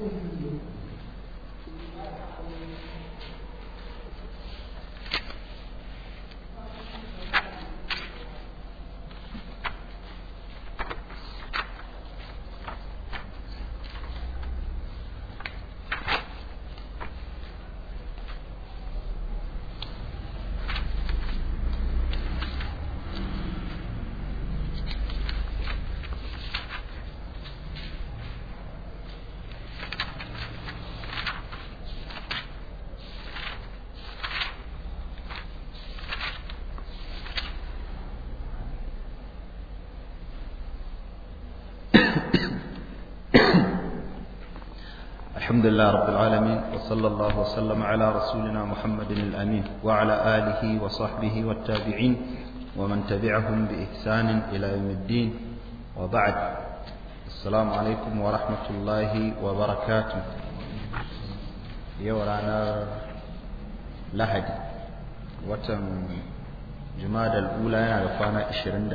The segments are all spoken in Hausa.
كل يوم. الحمد لله رب العالمين وصلى الله وسلم على رسولنا محمد الأمين وعلى آله وصحبه والتابعين ومن تبعهم بإحسان إلى يوم الدين وبعد السلام عليكم ورحمة الله وبركاته يورانا لحد وتم جماد الأولى يعرفانا 21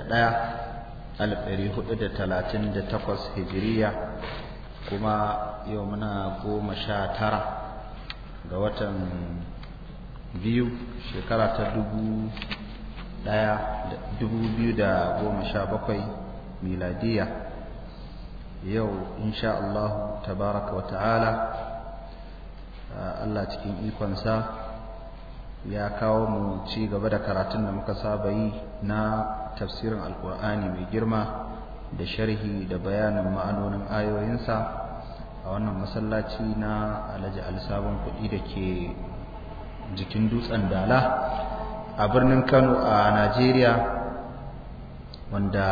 1438 هجرية kuma yau muna goma sha tara ga watan biyu shekara ta dubu daya dubu biyu da goma sha bakwai miladiya yau insha Allah tabaraka wa ta'ala uh, Allah cikin ikonsa ya kawo mu ci gaba da karatun da muka saba yi na tafsirin alkur'ani mai girma da sharhi da bayanin ma'anonin ayoyinsa a wannan masallaci na alhaji alisabon kuɗi da ke jikin dutsen dala a birnin kano a najeriya wanda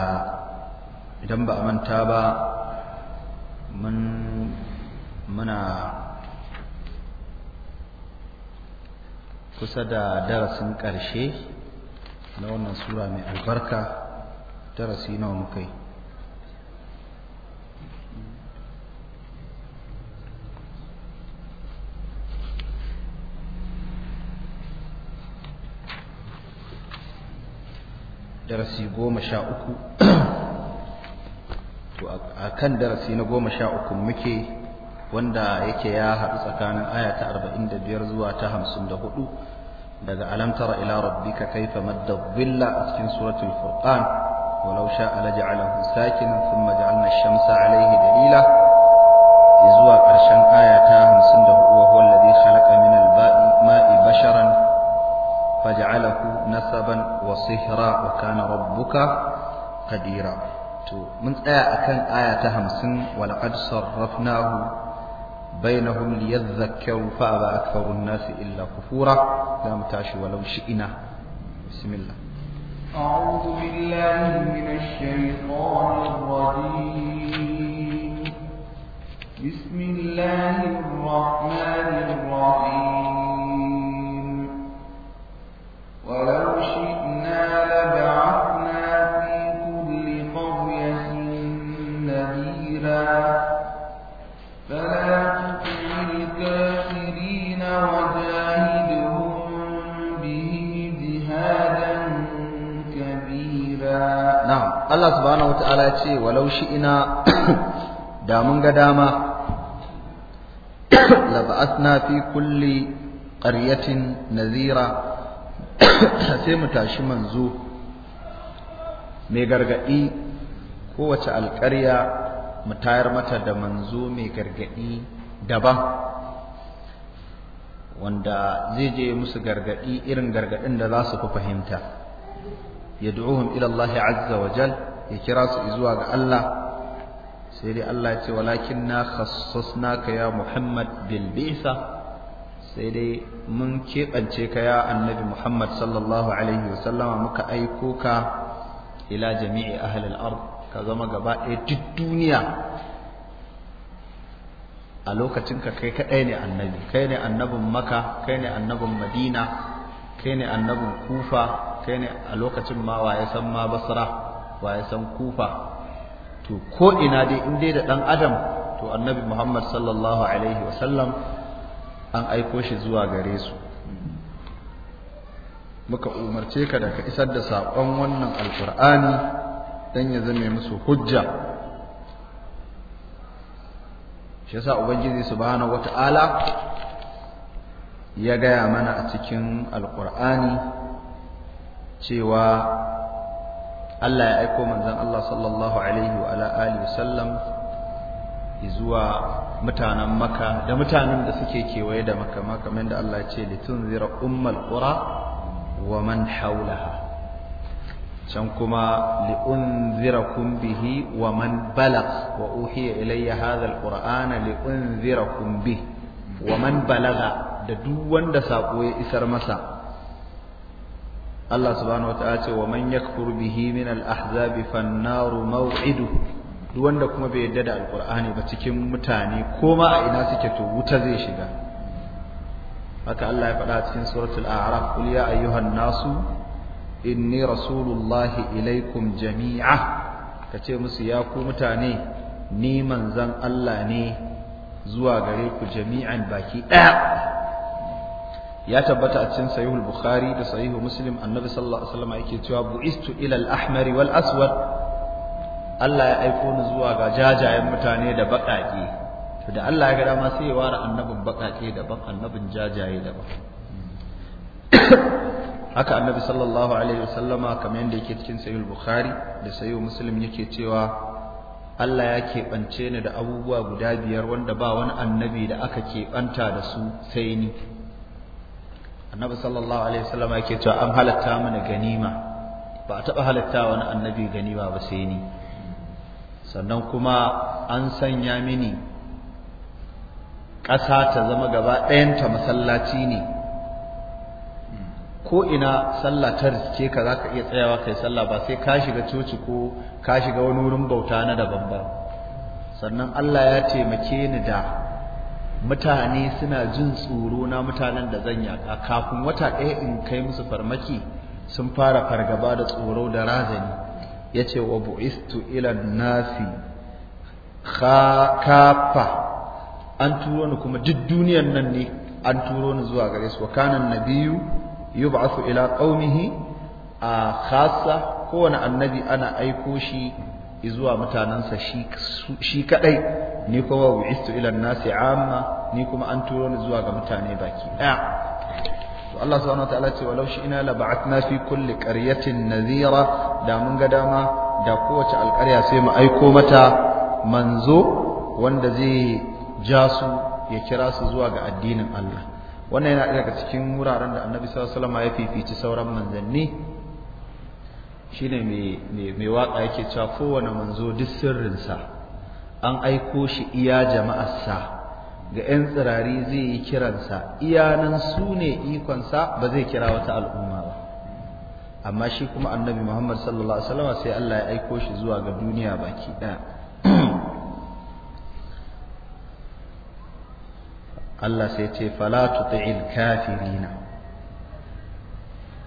idan ba a manta ba muna kusa da darasin ƙarshe na wannan sura mai albarka darasi nawa muka yi darasi a kan darasi na goma sha uku muke wanda yake ya haɗu tsakanin ayata ta arba'in da biyar zuwa ta hamsin da hudu daga alamtara ila rabbika kaifa madda dhilla a cikin suratul furqan walau sha'a laja'alahu sakinan thumma ja'alna shamsa 'alayhi dalila zuwa karshen aya ta hamsin da hudu wa huwa alladhi khalaqa min al-ma'i basharan فجعله نسبا وصهرا وكان ربك قديرا تو من آية كان آية همس ولقد صرفناه بينهم ليذكروا فأبى أكثر الناس إلا كفورا لا متعش ولو شئنا بسم الله أعوذ بالله من الشيطان الرجيم بسم الله الرحمن الرحيم Allah subhanahu wa ta'ala ce walau ina da mun ga dama la ba'athna fi kulli qaryatin nadhira sai mu tashi manzo mai gargadi kowace alƙarya mu tayar mata da manzo mai gargadi daban wanda zai je musu gargadi irin gargadin da za su fi fahimta yad'uhum ila Allah azza wa jal ya kira su zuwa ga Allah sai dai Allah ya ce walakin na khassasnaka ya Muhammad bil bi'sa sai dai mun keɓance ka ya annabi Muhammad sallallahu alaihi wasallama muka aiko ka ila jami'i ahlil ard ka zama gaba ɗaya duk duniya a lokacin ka kai kaɗai ne annabi kai ne annabin maka kai ne annabin madina kai ne annabin kufa kai ne a lokacin ma waye san ma basra waye san kufa to ko ina dai in dai da ɗan adam to annabi muhammad sallallahu alaihi wasallam an aiko shi zuwa gare su muka umarce ka da ka isar da saƙon wannan alƙur'ani don ya zame musu hujja shi yasa ubangiji subhanahu wata'ala ya gaya mana a cikin alkur'ani cewa Allah ya aiko manzon Allah sallallahu alaihi wa alihi wasallam zuwa mutanen maka da mutanen da suke kewaye da maka ma da Allah ce ce zira ummal qura wa man haulaha can kuma liunzirakum bihi wa man balagh wa uhiya ilayya hadha alqur'ana liunzirakum bihi wa man balaga da duk wanda sako ya isar masa Allah subhanahu wa ta'ala ce wa man yakfur bihi min al-ahzabi fan-naru maw'iduhu duk wanda kuma bai yarda da alqur'ani ba cikin mutane ko ma a ina suke to wuta zai shiga haka Allah ya faɗa cikin suratul a'raf qul ya ayyuhan nasu inni rasulullahi ilaikum jami'a kace musu ya ku mutane ni manzon Allah ne zuwa gare ku jami'an baki ɗaya ya tabbata a cikin sahihul bukhari da sahihu muslim annabi sallallahu alaihi wasallam yake cewa bu'istu ila al-ahmari wal aswad Allah ya aiko ni zuwa ga jajayen mutane da baƙaƙe to da Allah ya ga dama sai ya ware annabin baƙaƙe daban annabin jajaye daban haka annabi sallallahu alaihi wasallama kamar yanda yake cikin sahih bukhari da sahih muslim yake cewa Allah ya keɓance ni da abubuwa guda biyar wanda ba wani annabi da aka keɓanta da su sai ni annabi sallallahu alaihi wasallama yake cewa an halatta mana ganima ba a taɓa halatta wani annabi ganima ba sai ni sannan kuma an sanya mini ƙasa ta zama gaba ɗayanta masallaci ne ko ina sallah ta ka za ka iya tsayawa kai sallah ba sai ka shiga coci ko ka shiga wani wurin bauta na daban ba sannan Allah ya taimake ni da mutane suna jin tsoro na mutanen da zan yaƙa kafin wata ɗaya in kai musu farmaki sun fara fargaba da tsoro da razani yace wa bu'istu ila nasi kafa an turo ni kuma duk duniyan nan ne an turo ni zuwa gare su wa kana nabiyyu yub'athu ila ƙaunihi a kowane annabi ana aiko shi izuwa mutanansa shi kaɗai, ni kuma bu'istu ila nasi amma ni kuma an turo ni zuwa ga mutane baki ɗaya. to Allah subhanahu wataala ce walau shi ina laba'at na fi kulle ƙaryatin Nazira, da mun ga dama da kowace alƙarya sai mu aiko mata manzo wanda zai ja su ya kira su zuwa ga addinin Allah wannan yana daga cikin wuraren da Annabi sallallahu alaihi wasallam ya fifici sauran manzanni shine mai mai waka yake cewa kowane manzo duk sirrinsa an aiko shi iya jama'arsa ga 'yan tsirari zai yi kiransa iyanan su ne ikonsa ba zai kira wata al'umma ba amma shi kuma annabi muhammad sallallahu alaihi wasallam sai Allah ya aiko shi zuwa ga duniya baki ɗaya Allah sai ce fala tuti'il kafirina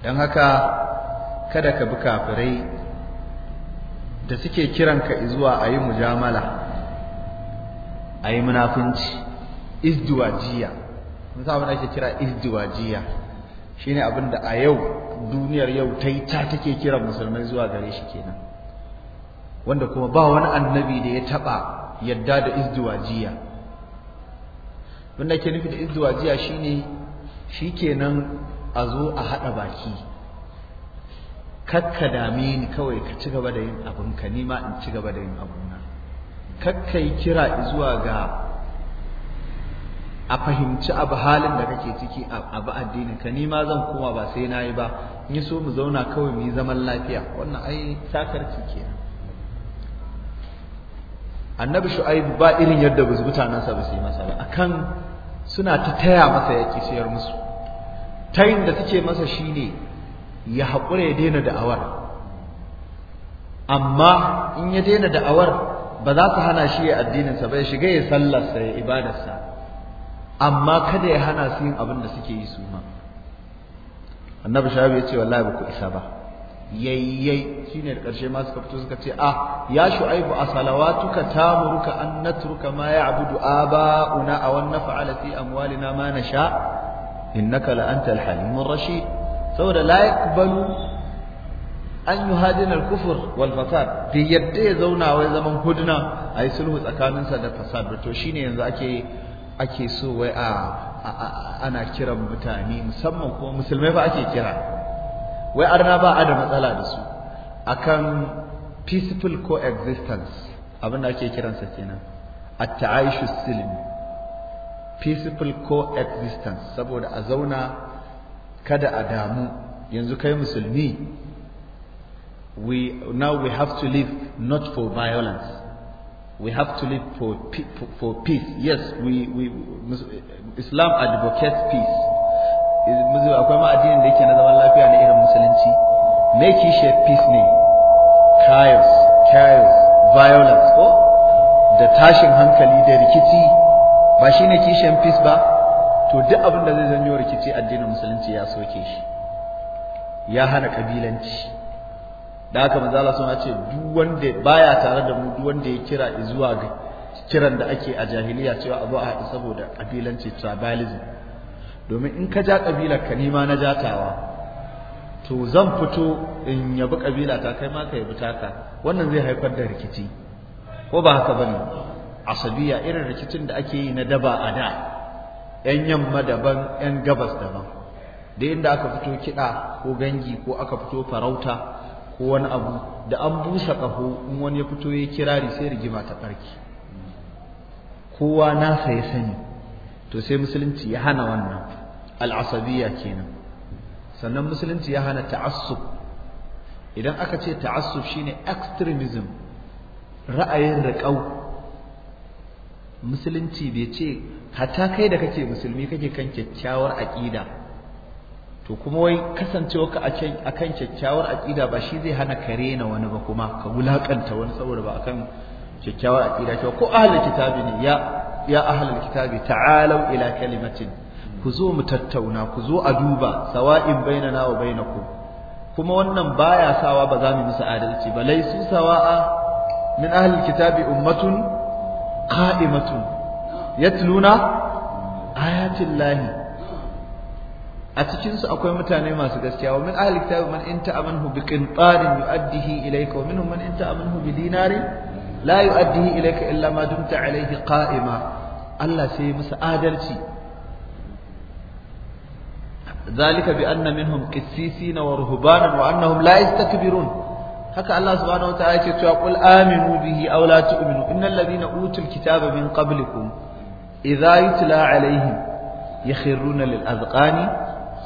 dan haka kada ka bi kafirai da suke kiranka zuwa ayi mujamala ayi munafunci izdiwajiya mun sa abin da ake kira izdiwajiya shine abin da a yau duniyar yau ta yi ta take kira musulmai zuwa gare shi kenan wanda kuma ba wani annabi da ya taba yadda da izdiwajiya abin da ke nufi da izdiwajiya shine shi kenan a zo a haɗa baki kakka dame ni kawai ka ci gaba da yin abinka ni ma in ci gaba da yin abuna kakka yi kira zuwa ga a fahimci abu halin da kake ciki a abu addinin ka ni ma zan koma ba sai na yi ba in so mu zauna kawai mu yi zaman lafiya wannan ai sakarci kenan annabi shu'aib ba irin yadda mutanensa ba su yi masa ba akan suna ta taya masa ya sayar musu tayin da suke masa shine ya haƙura ya daina da'awar amma in ya daina da'awar ba za su hana shi ya addininsa ba ya shiga ya sallarsa ya ibadarsa amma kada ya hana su yin abin da suke yi su ma annabi shabi ya ce wallahi ba ku isa ba yayyai shine da karshe ma suka fito suka ce ah ya shu'aibu asalawatuka tamuruka an natruka ma ya'budu aba'una aw an naf'ala fi amwalina ma nasha innaka la antal halimur rashid saboda la yakbalu an yuhadina al-kufr wal fasad bi yadda ya zauna wai zaman hudna yi sulhu tsakaninsa da fasad to shine yanzu ake ake so wai a ana kiran mutane musamman kuma musulmai ba ake kira wai arna ba a da matsala da su akan peaceful coexistence abin da ake kiransa kenan at-ta'aishu silmi peaceful coexistence saboda a zauna kada a damu yanzu kai musulmi we now we have to live not for violence we have to live for, for peace. Yes, we, we Islam advocates peace. akwai ma addinin da yake na zaman lafiya na irin musulunci make kishe peace ne chaos chaos violence ko da tashin hankali da rikici ba ne kishen peace ba to duk abin da zai janyo rikici addinin musulunci ya soke shi ya hana kabilanci da haka manzo Allah sun ce duk wanda baya tare da mu duk wanda ya kira zuwa ga kiran da ake a jahiliya cewa abu a saboda kabilanci tribalism domin in ka ja kabilar ka nima na jatawa to zan fito in yabi kabila ta kai ma ka yabi taka wannan zai haifar da rikici ko ba haka bane asabiya irin rikicin da ake yi na daba a da yan yamma daban yan gabas daban da inda aka fito kiɗa ko gangi ko aka fito farauta ko wani abu da an busa ƙaho in wani ya fito ya kirari sai rigima ta ɓarki kowa nasa ya sani to sai musulunci ya hana wannan al'asabiyya kenan sannan musulunci ya hana ta'assub idan aka ce ta'assub shine extremism ra'ayin riƙau musulunci bai ce hatta kai da kake musulmi kake kan kyakkyawar aƙida to kuma wai kasancewa ka a kan kyakkyawar aƙida ba shi zai hana kare na wani ba kuma ka wulaƙanta wani saboda ba akan kyakkyawar aƙida cewa ko ahlul kitabi ne ya ya ahlul kitabi ta'alau ila kalimatin ku zo mu tattauna ku zo a duba sawa'in bainana wa bainakum kuma wannan baya sawa ba za mu musu adalci ba laisu sawa'a min ahlul kitabi ummatun qa'imatun yatluna ayatin lahi a cikin su akwai mutane masu gaskiya wa min ahli kitab man in ta'amanhu bi qintarin yu'addihi ilayka wa minhum man in bi dinarin la yu'addihi ilayka illa ma dumta alayhi qa'ima Allah sai musu adalci ذلك بأن منهم قسيسين ورهبانا وأنهم لا يستكبرون haka Allah subhanahu wataala cewa qul aminu bihi aw la tu'minu min qablikum idha yutla alaihim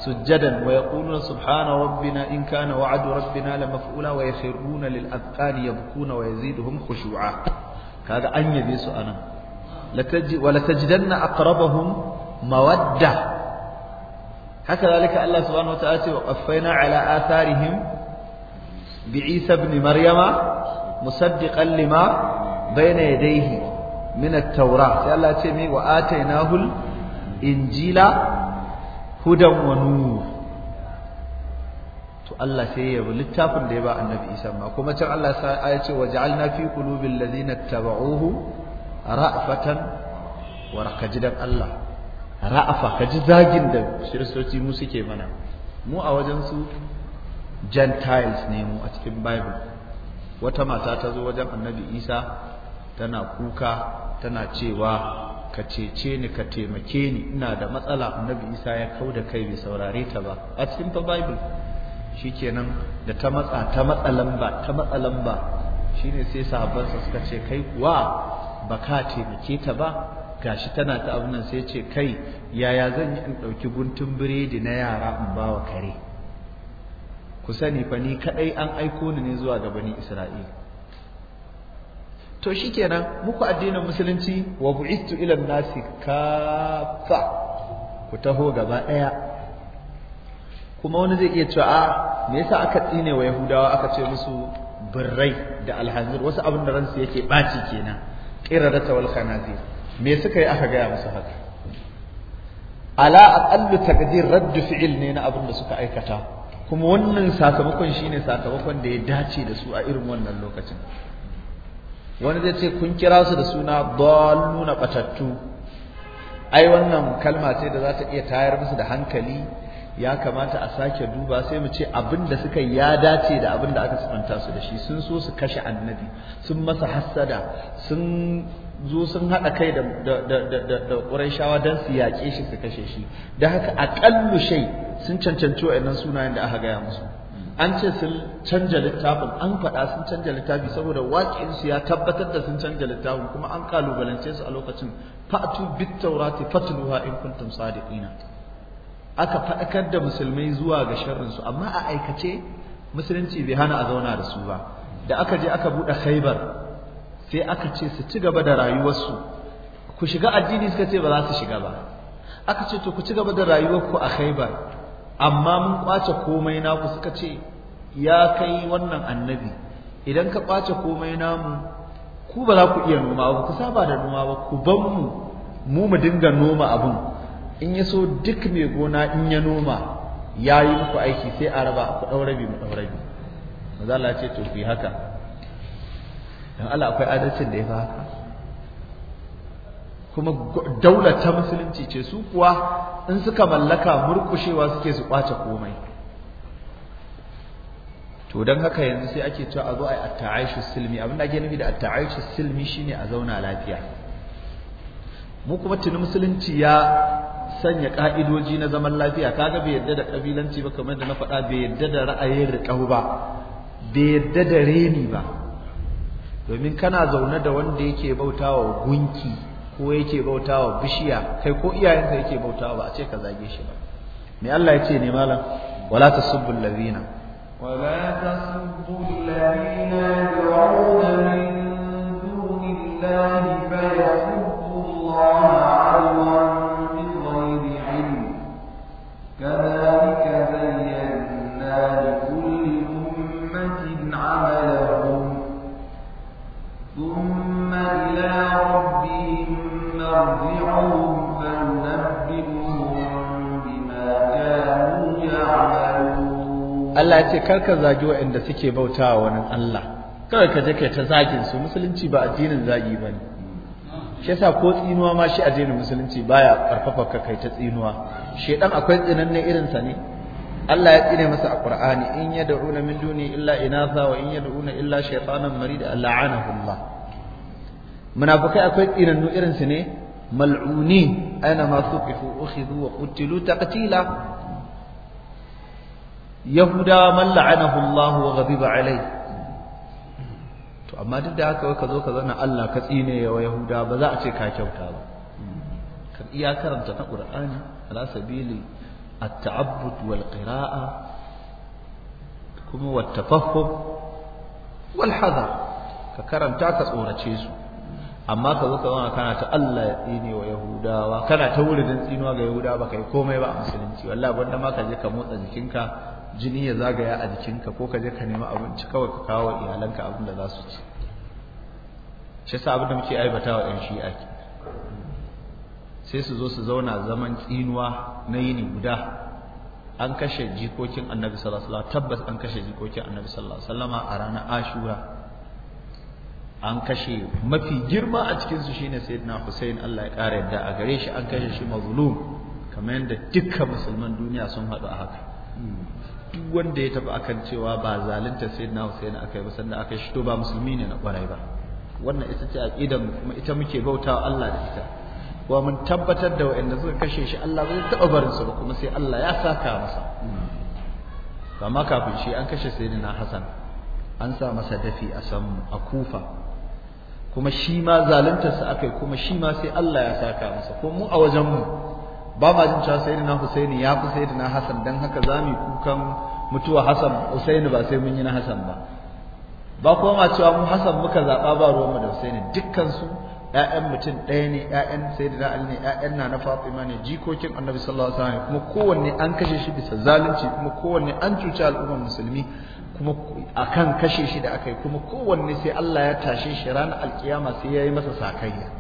سجدا ويقولون سبحان ربنا إن كان وعد ربنا لمفعولا ويخرون للأذقان يبكون ويزيدهم خشوعا هذا أن يبيس أنا ولتجدن أقربهم مودة هكذلك الله سبحانه وتعالى وقفينا على آثارهم بعيسى بن مريم مصدقا لما بين يديه من التوراة الله تعالى وآتيناه الإنجيل hudan wa nur to Allah sai ya yabi littafin da ya ba annabi Isa ma kuma can Allah sai ya ce ja'alna fi qulubil ladina tabauhu ra'fatan wa rakajidan Allah ra'afa kaji zagin da shirsoci mu suke mana mu a wajen su gentiles ne mu a cikin bible wata mata ta zo wajen annabi Isa tana kuka tana cewa ka cece ni ka taimake ni ina da matsala annabi isa ya kau da kai bai saurare ta ba a cikin fa bible shikenan da ta matsa ta matsa lamba ta matsa lamba shine sai sa suka ce kai kuwa ka taimake ta ba gashi tana ta abin nan sai ce kai yaya zan yi in ɗauki guntun biredi na yara in ba wa kare ku sani fa ni kaɗai an aiko ni ne zuwa ga bani isra'ila to shi kenan muku addinin musulunci wa bu'istu ila nasi kafa ku taho gaba daya kuma wani zai iya cewa me yasa aka tsine wa yahudawa aka ce musu birrai da alhazir wasu abin da ransu yake baci kenan qirarata wal khanazir me suka yi aka gaya musu haka ala aqallu taqdir radd fi'il ne na abin da suka aikata kuma wannan sakamakon shine sakamakon da ya dace da su a irin wannan lokacin wani zai ce kun kira su da suna dalluna batattu ai wannan kalma ce da za ta iya tayar musu da hankali ya kamata a sake duba sai mu ce abin da suka ya dace da abin da aka sifanta su da shi sun so su kashe annabi sun masa hassada sun zo sun haɗa kai da da Qurayshawa don su yaƙe shi su kashe shi da haka aƙallu shai sun cancanci wa'annan sunayen da aka gaya musu an ce sun canja littafin an faɗa sun canja littafi saboda waƙinsu ya tabbatar da sun canja littafin kuma an kalubalance su a lokacin fa'atu bit taurati fatluha in kuntum sadiqina aka faɗakar da musulmai zuwa ga sharrin su amma a aikace musulunci bai hana a zauna da su ba da aka je aka buɗe Khaibar sai aka ce su ci gaba da rayuwarsu ku shiga addini suka ce ba za su shiga ba aka ce to ku ci gaba da rayuwar ku a Khaibar amma mun kwace komai naku suka ce ya kai wannan annabi idan ka kwace komai namu ku ba za ku iya noma ba ku saba da noma ba ku ban mu mu mu dinga noma abun, in ya so duk mai gona in ya noma ya yi muku aiki sai a raba ku ɗau rabi mu ɗau rabi maza Allah ce to fi haka dan Allah akwai adalcin da ya fi haka kuma daulata ta musulunci ce su kuwa in suka mallaka murkushewa suke su kwace komai to don haka yanzu sai ake cewa a zo a yi atta'aishu silmi abin da ake nufi da atta'aishu silmi shine a zauna lafiya mu kuma tuni musulunci ya sanya ka'idoji na zaman lafiya kaga bai yadda da kabilanci ba kamar da na faɗa bai yadda da ra'ayin riƙau ba bai yadda da reni ba domin kana zaune da wanda yake bautawa gunki ko yake bautawa bishiya kai ko iyayensa yake bautawa ba a ce ka zage shi ba me Allah ya ce ne malam wala tasubbul ladina wala tasubbul ladina yad'una min dunillahi fa yasubbu Allah 'alwan Allah ya ce karka zagi waɗanda suke bautawa wani Allah kada ka je kai ta zagin su musulunci ba addinin zagi bane shi yasa ko tsinuwa ma shi addinin musulunci baya karfafa ka kai ta tsinuwa shedan akwai tsinanne irin sa ne Allah ya tsine masa a Qur'ani in yad'una min duni illa inatha wa in yad'una illa shaytanan marida la'anahu Allah munafikai akwai tsinannu irin su ne mal'uni aina masu suqifu ukhidhu wa qutilu taqtila yahudawa man la'anahu Allah wa ghadiba alai to amma duk da haka ka zo ka zauna Allah ka tsine wa Yahuda ba za a ce ka kyauta ba kan iya karanta na qur'ani ala sabili at-ta'abbud wal qira'a kuma wat tafahum wal hadar ka karanta ka tsorace su amma ka zo ka zauna kana ta Allah ya tsine wa Yahudawa kana ta wuridin tsinuwa ga Yahuda baka yi komai ba a musulunci wallahi banda ma ka je ka motsa jikinka jini ya zagaya a jikinka ko kaje ka nemi abinci kawai ka kawo iyalanka abin da za su ci shi yasa abin da muke aibata wa 'yan shi'a sai su zo su zauna zaman tsinuwa na yini guda an kashe jikokin annabi sallallahu alaihi wasallam tabbas an kashe jikokin annabi sallallahu alaihi wasallama a ranar ashura an kashe mafi girma a cikin su shine sayyidina husain Allah ya kare yadda a gare shi an kashe shi mazlum kamar yadda dukkan musulman duniya sun haɗu a haka duk wanda ya tafi akan cewa ba zalunta sayyidina Hussein akai ba sannan akai shi to ba musulmi ne na kwarai ba wannan ita ce aqidar mu kuma ita muke bautawa Allah da ita wa mun tabbatar da wanda suka kashe shi Allah zai taɓa barin su ba kuma sai Allah ya saka masa amma kafin shi an kashe sayyidina Hassan an sa masa dafi a san a Kufa kuma shi ma zaluntar sa akai kuma shi ma sai Allah ya saka masa ko mu a wajen mu ba ma jin cewa na Husaini ya fi sai na Hassan dan haka za mu kukan mutuwa Hassan Husaini ba sai mun yi na Hassan ba ba kuma ma cewa mu Hassan muka zaba ba ruwan mu da Husaini dukkan su ƴaƴan mutum ɗaya ne ƴaƴan sayyidina Ali ne ƴaƴan na na Fatima ne jikokin Annabi sallallahu alaihi wasallam kuma kowanne an kashe shi bisa zalunci kuma kowanne an cuci al'ummar musulmi kuma akan kashe shi da aka yi kuma kowanne sai Allah ya tashe shi ranar alkiyama sai ya yi masa sakayya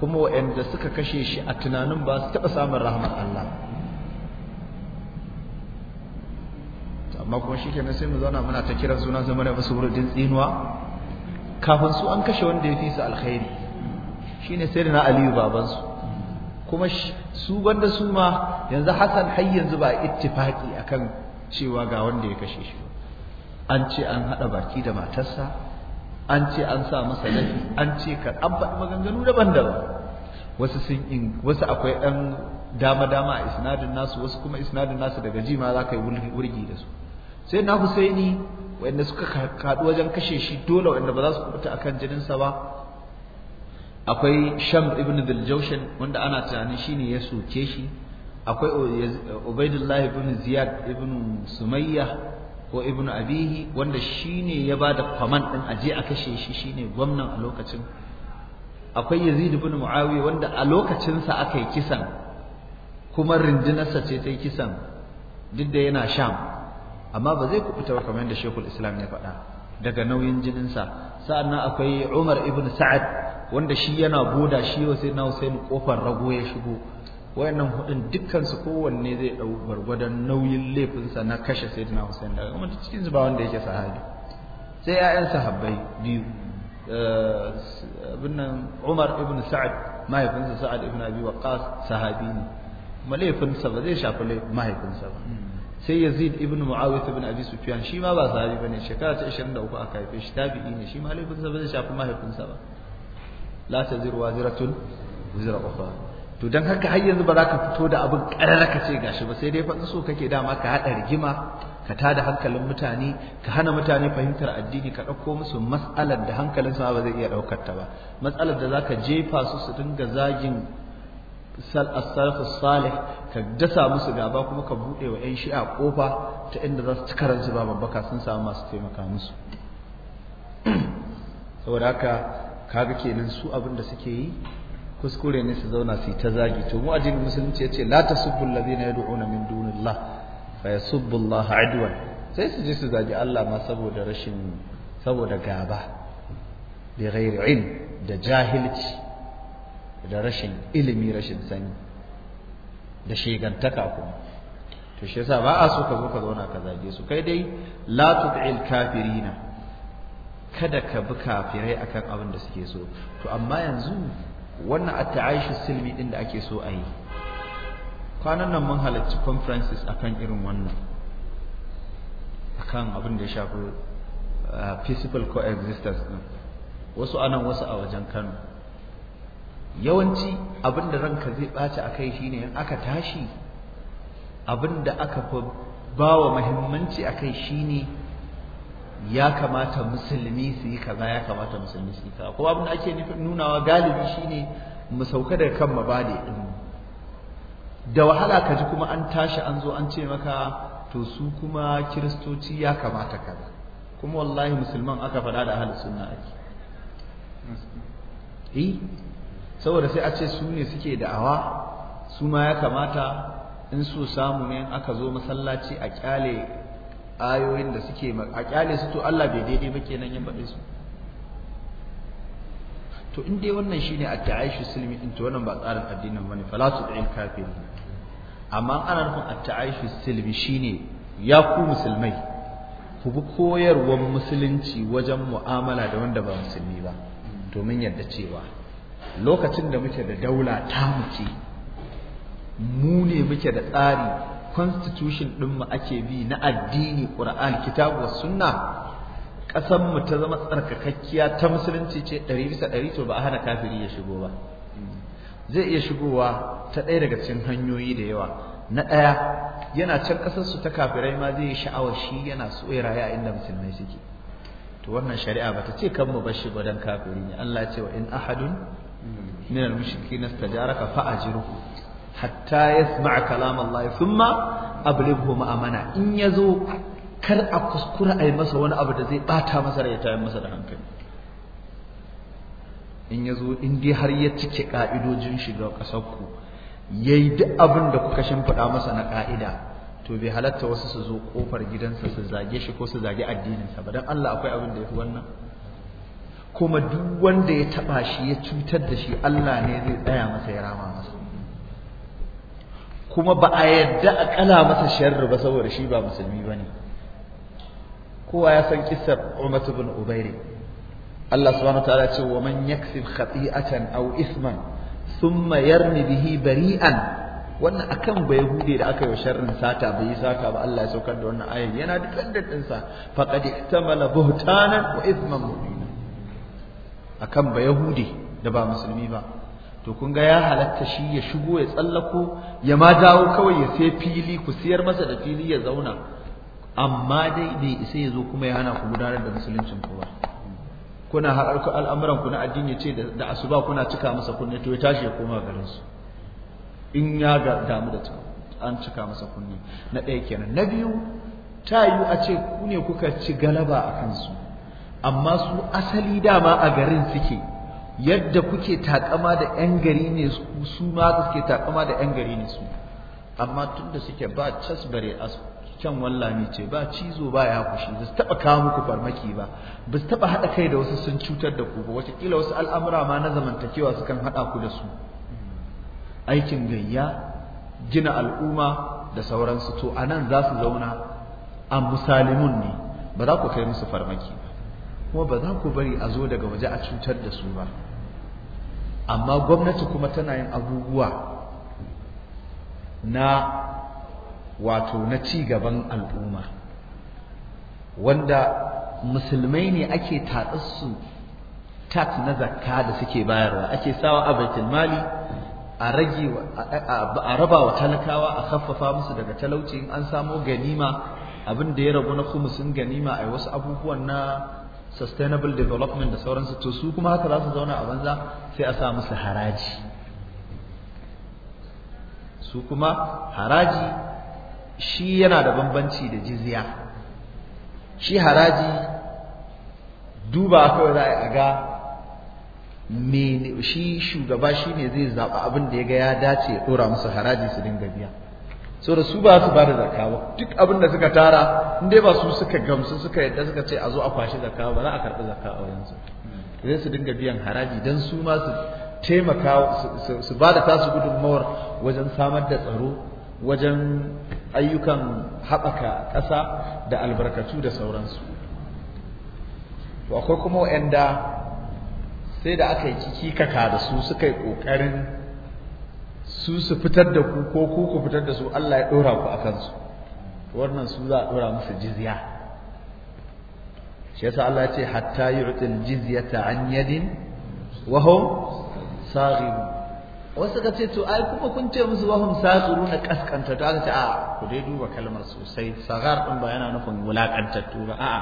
kuma waɗanda suka kashe shi a tunanin ba su taɓa samun rahmar Allah amma kuma shi kenan sai mu zauna muna ta kiran suna zama na musu wurin tsinuwa kafin su an kashe wanda ya fi su alkhairi shine sai da na aliyu babansu kuma su wanda su ma yanzu hasan har yanzu ba a kan cewa ga wanda ya kashe shi an ce an haɗa baki da matarsa an ce an sa masa lafi an ce ka an faɗi maganganu daban-daban wasu sun in wasu akwai ɗan dama-dama a isnadin nasu wasu kuma isnadin nasu daga jima za ka yi wurgi da su sai na husaini wanda suka kaɗu wajen kashe shi dole wanda ba za su kubuta akan jininsa ba akwai sham ibn diljaushin wanda ana tunanin ne ya soke shi akwai ubaidullah ibn ziyad ibn sumayya ko ibnu abihi wanda shine ya bada command din aje a kashe shi shine gwamnan a lokacin akwai yazid ibn muawiya wanda a lokacin sa aka kisan kuma rindinarsa ce ta kisan duk da yana sham amma ba zai kubuta ba kamar yadda shekul islam ya faɗa daga nauyin jininsa sa'annan akwai umar ibn sa'ad wanda shi yana boda shi yau sai na husain kofar rago ya shigo wayannan hudun dukkan su kowanne zai dau gwargwadon nauyin laifinsa na kashe sayyidina Hussein daga kuma cikin su ba wanda yake sahabi sai ƴaƴan sahabbai biyu eh, abin nan Umar ibn Sa'ad mahaifinsa Sa'ad ibn Abi Waqqas sahabi ne kuma laifinsa ba zai shafi mahaifinsa ba sai Yazid ibn Muawiyah ibn Abi Sufyan shi ma ba sahabi bane shekara ta 23 aka haife shi tabi'i ne shi ma laifinsa ba zai shafi mahaifinsa ba la taziru waziratun wizra ukhra to don haka har yanzu ba za ka fito da abin ƙarar ka ce gashi ba sai dai fa so kake dama ka haɗa rigima ka tada hankalin mutane ka hana mutane fahimtar addini ka ɗauko musu masalar da hankalin su ba zai iya ɗaukar ta ba matsalar da za ka jefa su su dinga zagin as-salaf salih ka dasa musu gaba kuma ka buɗe wa 'yan shi'a kofa ta inda za su ci su ba babbaka sun samu masu taimaka musu saboda haka kaga kenan su abin da suke yi kuskure ne su zauna su ta zagi to mu addinin musulunci yace la tasubbul ladina yad'una min dunillah fa yasubbu adwan sai su je su zagi Allah ma saboda rashin saboda gaba bi ghairi ilm da jahilci da rashin ilimi rashin sani da shegantaka kuma to shi yasa ba a so ka zo ka zauna ka zagi su kai dai la tud'il kafirina kada ka bi kafirai akan abin da suke so to amma yanzu wannan at-ta'ayush silmi din da ake so a yi kwanan nan mun halarci conferences kan irin wannan a kan abin da ya shafi peaceful coexistence din wasu anan wasu a wajen Kano yawanci abin da ranka zai ɓaci a kai shine in aka tashi abin da aka fi ba wa muhimmanci a kai shine ya kamata musulmi su yi kaza ya kamata musulmi su yi kaza kuma abin da ake nunawa galibi shine mu sauka daga kan mabade din da wahala ka ji kuma an tashi an zo an ce maka to su kuma kiristoci ya kamata kaza kuma wallahi musulman aka faɗa da ahlus sunna ake eh saboda sai a ce su ne suke da'awa su ma ya kamata in su samu ne aka zo masallaci a kyale ayoyin da suke a kyale su to Allah bai daidai ba kenan ya baɗe su to in dai wannan shine at-ta'ayyu silmi din to wannan ba tsarin addinin bane fala da kafiri amma ana nufin at-ta'ayyu silmi shine ya ku musulmai ku bi koyarwar musulunci wajen mu'amala da wanda ba musulmi ba domin yadda cewa lokacin da muke da daula ta muke mu ne muke da tsari constitution ɗinmu ake bi na addini Qur'an kitabu was sunna kasan mu ta zama tsarkakakkiya ta musulunci ce ɗari ɗari to ba a hana kafiri ya shigo ba zai iya shigowa ta ɗaya daga cikin hanyoyi da yawa na ɗaya yana can ƙasarsu ta kafirai ma zai yi sha'awar shi yana so ya raya inda musulmai suke to wannan shari'a bata ce kan mu bashi ba dan kafiri ne Allah ya ce wa in ahadun min al-mushrikin istajaraka fa ajruhu hatta yasma'a kalam Allah thumma ablighu ma'amana in yazo kar a kuskura ai masa wani abu da zai bata masa rai ta masa da hankali in yazo in dai har ya cike ka'idojin shiga kasar ku yayi duk abin da kuka shimfiɗa masa na ka'ida to bai halatta wasu su zo kofar gidansa su zage shi ko su zage addininsa ba dan Allah akwai abin da yafi wannan kuma duk wanda ya taɓa shi ya cutar da shi Allah ne zai tsaya masa ya rama masa kuma ba a yadda a kala masa sharri ba saboda shi ba musulmi bane kowa ya san kissar Umar ibn Ubayr Allah subhanahu wataala ya ce wa man yaksib khati'atan aw isman thumma yarmi bihi bari'an wannan akan bai hude da aka yi sharrin sata bai sata ba Allah ya saukar da wannan ayan yana dukkan dinsa faqad ihtamala buhtanan wa isman mubina akan ba yahudi da ba musulmi ba to kun ga ya halatta shi ya shigo ya tsallako ya ma dawo kawai ya sai fili ku siyar masa da fili ya zauna amma dai bai isa ya zo kuma ya hana ku gudanar da musuluncin ku ba kuna har al'amuran ku na addini ce da asuba kuna cika masa kunne to ya tashi ya koma garin su in ya damu da an cika masa kunne na ɗaya kenan na biyu ta yiwu a ce ku ne kuka ci galaba a kansu amma su asali dama a garin suke yadda kuke takama da yan gari ne su ma suke takama da yan gari ne su amma tunda suke ba casbare as can wallami ce ba cizo ba ya kushi ba su taba kawo muku farmaki ba ba su taba haɗa kai da wasu sun cutar da ku ba wataƙila wasu al'amura ma na zamantakewa sukan haɗa ku da su aikin gayya gina al'umma da sauransu to a nan za su zauna a musalimun ne ba za ku kai musu farmaki ba kuma ba za ku bari a zo daga waje a cutar da su ba amma gwamnati kuma tana yin abubuwa na wato na ci gaban al'umma wanda musulmai ne ake su tat na zakka da suke bayarwa ake sawa a baitul mali a rage a raba wa talakawa a khaffafa musu daga talauci in an samo ganima abin da ya rabu na kuma sun ganima ai wasu abubuwan na sustainable development da sauransu to su kuma haka za su zauna a banza sai a sa musu haraji su kuma haraji shi yana da bambanci da jizya shi haraji duba kawai za a ga shi shugaba shi ne zai zaɓa abin da ya ga ya dace ya ɗora musu haraji su dinga biya so da su ba su ba da zakka ba duk abin da suka tara in dai ba su suka gamsu suka yadda suka ce a zo a kwashi zakka ba za a karɓi zakka a wajensu zai su dinga biyan haraji don su ma su taimaka su ba da tasu gudunmawar wajen samar da tsaro wajen ayyukan haɓaka ƙasa da albarkatu da sauransu to akwai kuma da, sai da aka yi kikaka da su suka yi ƙoƙarin su su fitar da ku ko ku ku fitar da su Allah ya ɗora ku a kansu wannan su za a ɗora musu jizya shi yasa Allah ya ce hatta yu'til jizyata an yadin wa hum saghirun wasu ka ce to ai kuma kun ce musu wahum sagiru na kaskanta to aka ce a ku dai duba kalmar sosai sagar din ba yana nufin wulakantattu ba a'a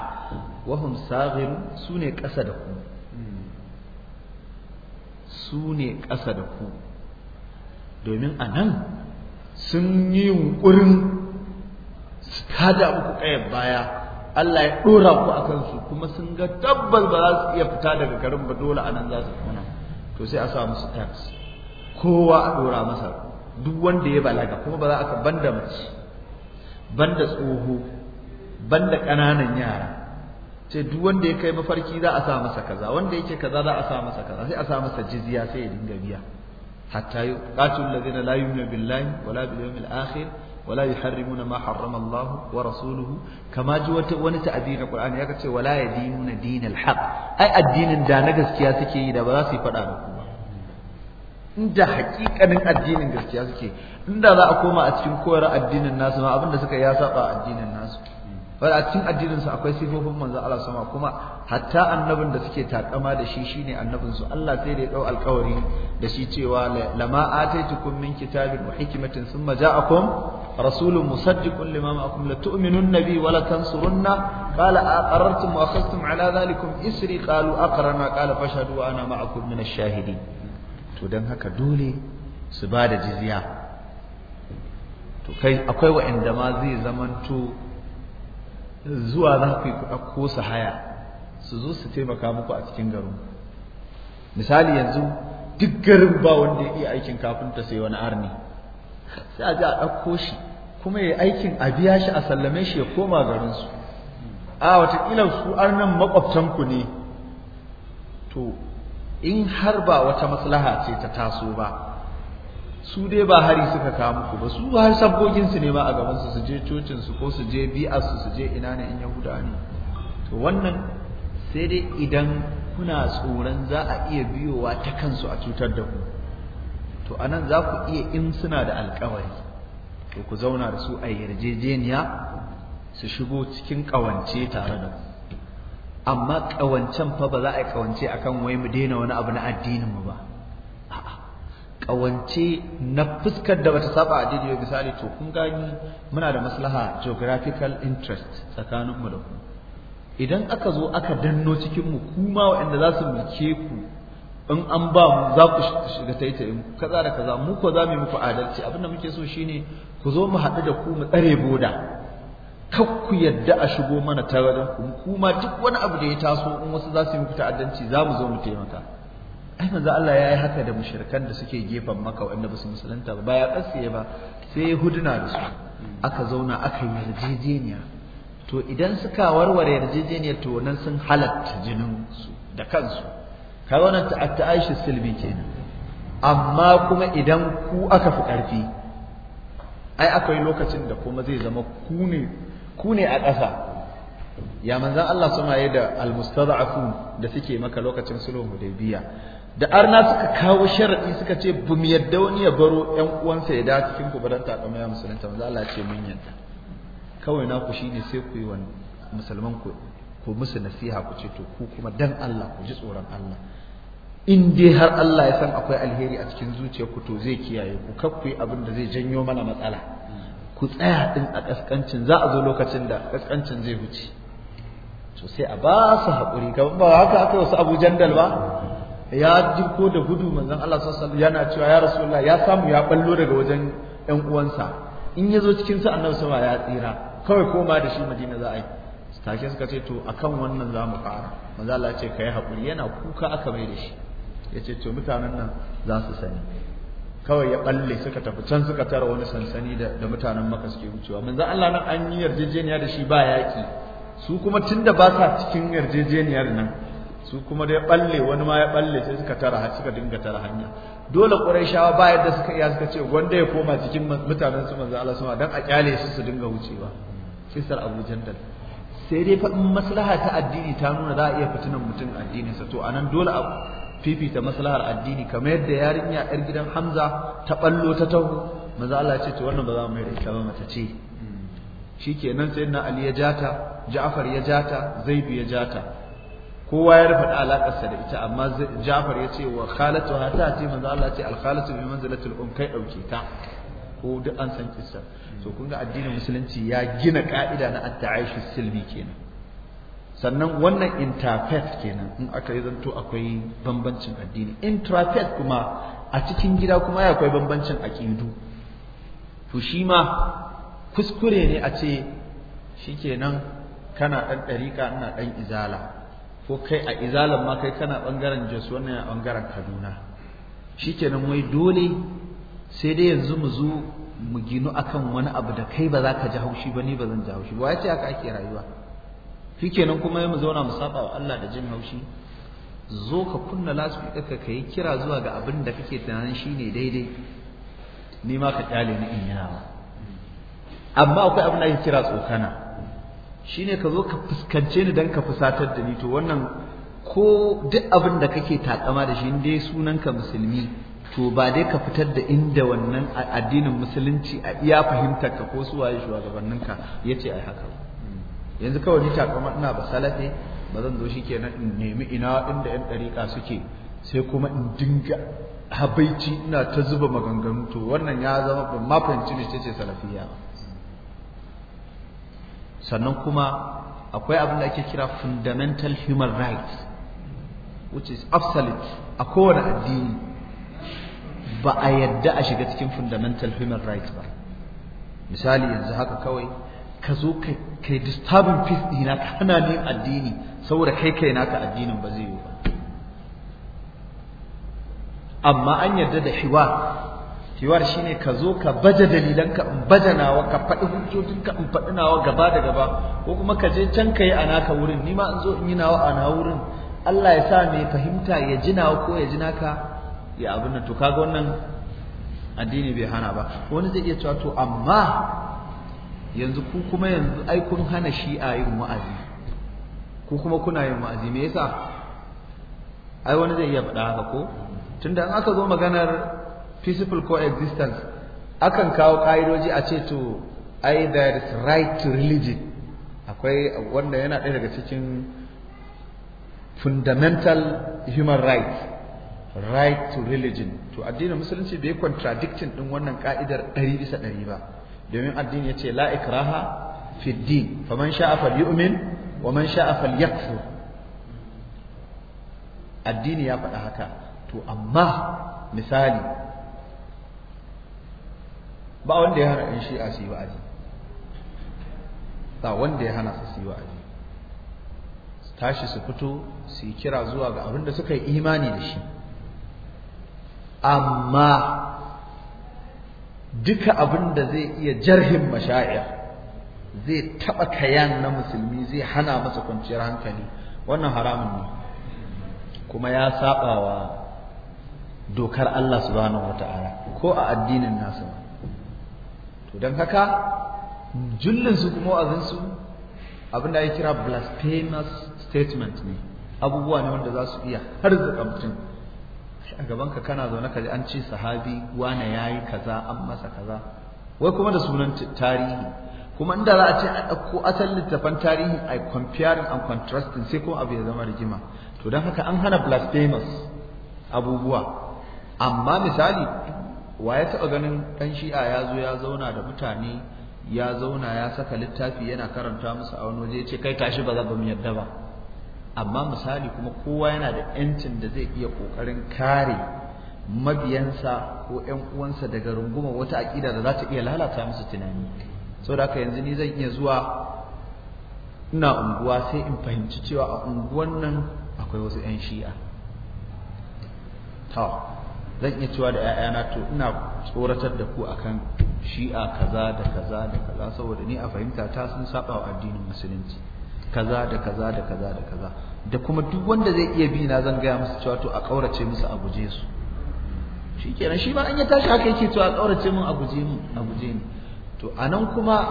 wahum sagiru su ne ƙasa da ku su ne ƙasa da ku domin a nan sun yi wukurin su tada uku kayan baya Allah ya ɗora ku a kansu kuma sun ga tabbas ba za su iya fita daga garin ba dole a nan za su kuna to sai a sa musu tax kowa a ɗora masa duk wanda ya balaga kuma ba za a ka banda mace banda tsoho banda ƙananan yara sai duk wanda ya kai mafarki za a sa masa kaza wanda yake kaza za a sa masa kaza sai a sa masa jizya sai ya dinga biya hatta yuqatil ladina la wala bil yawmil wala yuharrimuna ma wa rasuluhu kama ji wata wani ta'abiri na wala yadinuna dinal haqq addinin da na gaskiya suke yi da ba za su yi faɗa da ku inda hakikanin addinin gaskiya suke da za a koma a cikin koyar addinin nasu ma abinda suka ya saba addinin nasu bar a cikin addinin su akwai sifofin manzo Allah sama kuma hatta annabin da suke takama da shi shine annabin su Allah sai da ya dau alƙawari da shi cewa lama ataitukum min kitabin wa hikmatin thumma ja'akum rasulun musaddiqun lima ma'akum la tu'minun nabi wa la tansurunna qala aqarrartum wa akhadhtum ala dhalikum isri qalu aqrarna qala fashhadu wa ana ma'akum min ash-shahidin to dan haka dole su bada jizya to kai akwai wa'anda ma zai zamanto zuwa za ku yi ku ɗauko su haya su zo su taimaka muku a cikin garin misali yanzu duk garin ba wanda ya iya aikin kafinta sai wani arni sai a je a ɗauko shi kuma ya aikin a biya shi a sallame shi ya koma garinsu a watakila su arnan ku ne to in har ba wata maslaha ce ta taso ba su dai ba hari suka kawo muku ba su har su ne ma a gabansu su je cocin su, ko su je bi'a su su je ina ne in yahuda ne to wannan sai dai idan kuna tsoron za a iya biyowa ta kansu a cutar da ku to anan za ku iya in suna da alkawari to ku zauna da su a yarjejeniya su shigo cikin kawance tare da ku amma ƙawancen fa ba za a yi ƙawance akan wai mu daina wani abu na addinin mu ba kawance na fuskar da bata saba addini ba misali to kun gani muna da maslaha geographical interest tsakanin mu da ku idan aka zo aka danno cikin mu kuma waɗanda za su mulke ku in an ba mu za ku shiga taitayin kaza da kaza mu ko za mu yi muku adalci abin da muke so shine ku zo mu haɗu da ku mu tsare boda kar ku yadda a shigo mana ta ku kuma duk wani abu da ya taso in wasu za su yi muku ta'addanci za mu zo mu taimaka ai manzo Allah ya yi haka da mushrikan da suke gefen maka wanda ba su musulunta ba ya kasiye ba sai huduna da su aka zauna aka yi yarjejeniya to idan suka warware yarjejeniyar to nan sun halatta jinin su da kansu kai wannan Aisha silbi kenan amma kuma idan ku aka fi karfi ai akwai lokacin da kuma zai zama ku ne ku ne a ƙasa ya manzan Allah suna yi da almustada'afun da suke maka lokacin sulhu biya? da arna suka kawo sharadi suka ce bum yadda wani ya baro ƴan uwansa ya dawo cikin ku baranta ta mai musulunta manzo Allah ce mun yadda kawai na ku shine sai ku yi wa musulman ku ku musu nasiha ku ce to ku kuma dan Allah ku ji tsoron Allah in dai har Allah ya san akwai alheri a cikin zuciyarku to zai kiyaye ku kar ku yi abin da zai janyo mana matsala ku tsaya din a kaskancin za a zo lokacin da kaskancin zai huce to sai a ba su haƙuri ba haka aka wasu Abu Jandal ba ya jirko da gudu manzon Allah sallallahu yana cewa ya rasu rasulullah ya samu ya ballo daga wajen ɗan uwansa in ya zo cikin sa annabi sama ya tsira kawai koma da shi madina za a yi take suka ce to akan wannan za mu fara manzo Allah ce kai hakuri yana kuka aka mai da shi Ya ce to mutanen nan za su sani kawai ya balle suka tafi can suka tara wani sansani da, da mutanen maka suke wucewa manzo Allah nan an yi yarjejeniya da shi ba yaƙi, su kuma tunda ba sa cikin yarjejeniyar nan su kuma dai balle wani ma ya balle sai suka tara suka dinga tara hanya dole quraishawa ba yadda suka iya suka ce wanda ya koma cikin mutanen su manzo Allah sama dan a kyale su su dinga wucewa kisar Abu Jandal sai dai fa maslaha ta addini ta nuna za a iya fitinan mutum addinin sa to anan dole a fifita maslahar addini kamar yadda yarinya yar gidan Hamza ta ballo ta taho manzo Allah ya ce to wannan ba za mu mai da ita ba mata ce shikenan sayyidina Ali ya jata Ja'far ya jata Zaid ya jata kowa ya rufe da alakarsa da ita amma Jafar ya ce wa khalatu ha ta ce manzo Allah ce alkhalatu bi manzilatil um kai dauke ta ko duk an san kissa to kun ga addinin musulunci ya gina ka'ida na at-ta'ayush silmi kenan sannan wannan interfaith kenan in aka yi zanto akwai bambancin addini interfaith kuma a cikin gida kuma ya akwai bambancin aqidu to shi ma kuskure ne a ce shikenan kana dan dariqa ina dan izala ko kai a izalan ma kai kana bangaren Jos wannan a bangaren Kaduna shikenan wai dole sai dai yanzu mu zo mu ginu akan wani abu da kai ba za ka ji haushi ba ni ba zan ji haushi ba ya ce haka ake rayuwa shikenan kuma mu zauna mu saba wa Allah da jin haushi zo ka kunna lasfika ka kai kira zuwa ga abin da kake tunanin shine daidai ni ma ka kyale ni in yana amma akwai abin da kira tsokana Shi ne ka zo ka fuskance ni don ka fusatar da ni to wannan ko duk abin da kake takama da shi dai sunanka musulmi to ba dai ka fitar da inda wannan addinin musulunci a iya fahimtar ka ko su waye ya yace ai haka ba. yanzu kawai ni takama ina ba salafi ba zan zo shikenan in nemi ina inda yan dariƙa suke sai kuma in dinga habaici ina ta zuba maganganu to wannan ya zama ban ma fahimci ne ce salafiyya ba sannan kuma akwai abin da ake kira fundamental human rights which is absolute a kowane addini ba a yadda a shiga cikin fundamental human rights ba misali yanzu haka kawai ka zo ka yi disturbing peace ɗina ka hana ni addini saboda kai kai na naka addinin ba zai yi ba amma an yarda da hiwa tiwar shine ka zo ka baje dalilanka in baje nawa ka faɗi hujjojinka in faɗi nawa gaba da gaba ko kuma ka je can ka yi a naka wurin ni ma in zo in yi nawa a nawa wurin Allah ya sa mai fahimta ya ji nawa ko ya ji naka ya abin nan to kaga wannan addini bai hana ba wani zai iya cewa to amma yanzu ku kuma yanzu ai kun hana shi a yin wa'azi ku kuma kuna yin wa'azi me yasa ai wani zai iya faɗa haka ko tunda in aka zo maganar peaceful coexistence akan kawo ka'idoji a ce to ai there is right to religion akwai wanda yana ɗaya daga cikin fundamental human right right to religion to addinin musulunci bai contradicting ɗin wannan ka'idar ɗari bisa ɗari ba domin addini ya ce la ikraha fi din faman sha'a yu'min wa man sha'a yakfur addini ya faɗa haka to amma misali ba wanda ya hana in shi'a su yi wa'azi ba wanda ya hana su yi wa'azi tashi su fito su yi kira zuwa ga abin da suka yi imani da shi amma duka abin da zai iya jarhin mashaya zai taɓa kayan na musulmi zai hana masa kwanciyar hankali wannan haramun ne kuma ya saɓawa dokar Allah subhanahu ta'ala ko a addinin nasu to don haka jullinsu kuma wa'azinsu abinda ya kira blasphemous statement ne abubuwa ne wanda za su iya har zuka mutum a gaban ka kana zaune ka ji an ce sahabi wane yayi kaza an masa kaza wai kuma da sunan tarihi kuma inda za a ce a ɗauko asalin littafan tarihi a comparing and contrasting sai kuma abu ya zama rigima to don haka an hana blasphemous abubuwa amma misali wa ya taɓa ganin ɗan shi'a ya zo ya zauna da mutane ya zauna ya saka littafi yana karanta musu a wani waje ce kai tashi ba za ba mu yadda ba amma misali kuma kowa yana da ‘yancin da zai iya ƙoƙarin kare mabiyansa ko ‘yan uwansa daga runguma wata aƙida da za ta iya lalata musu tunani saboda haka yanzu ni zan iya zuwa ina unguwa sai in fahimci cewa a unguwan nan akwai wasu ‘yan shi'a zan iya cewa da ƴaƴana to ina tsoratar da ku akan shi'a kaza da kaza da kaza saboda ni a fahimta ta sun saba wa addinin musulunci kaza da kaza da kaza da kaza da kuma duk wanda zai iya bi na zan gaya musu cewa to a kaurace musu a guje su shikenan shi ma an ya tashi haka yake cewa a kaurace mun a guje mu a guje ni to anan kuma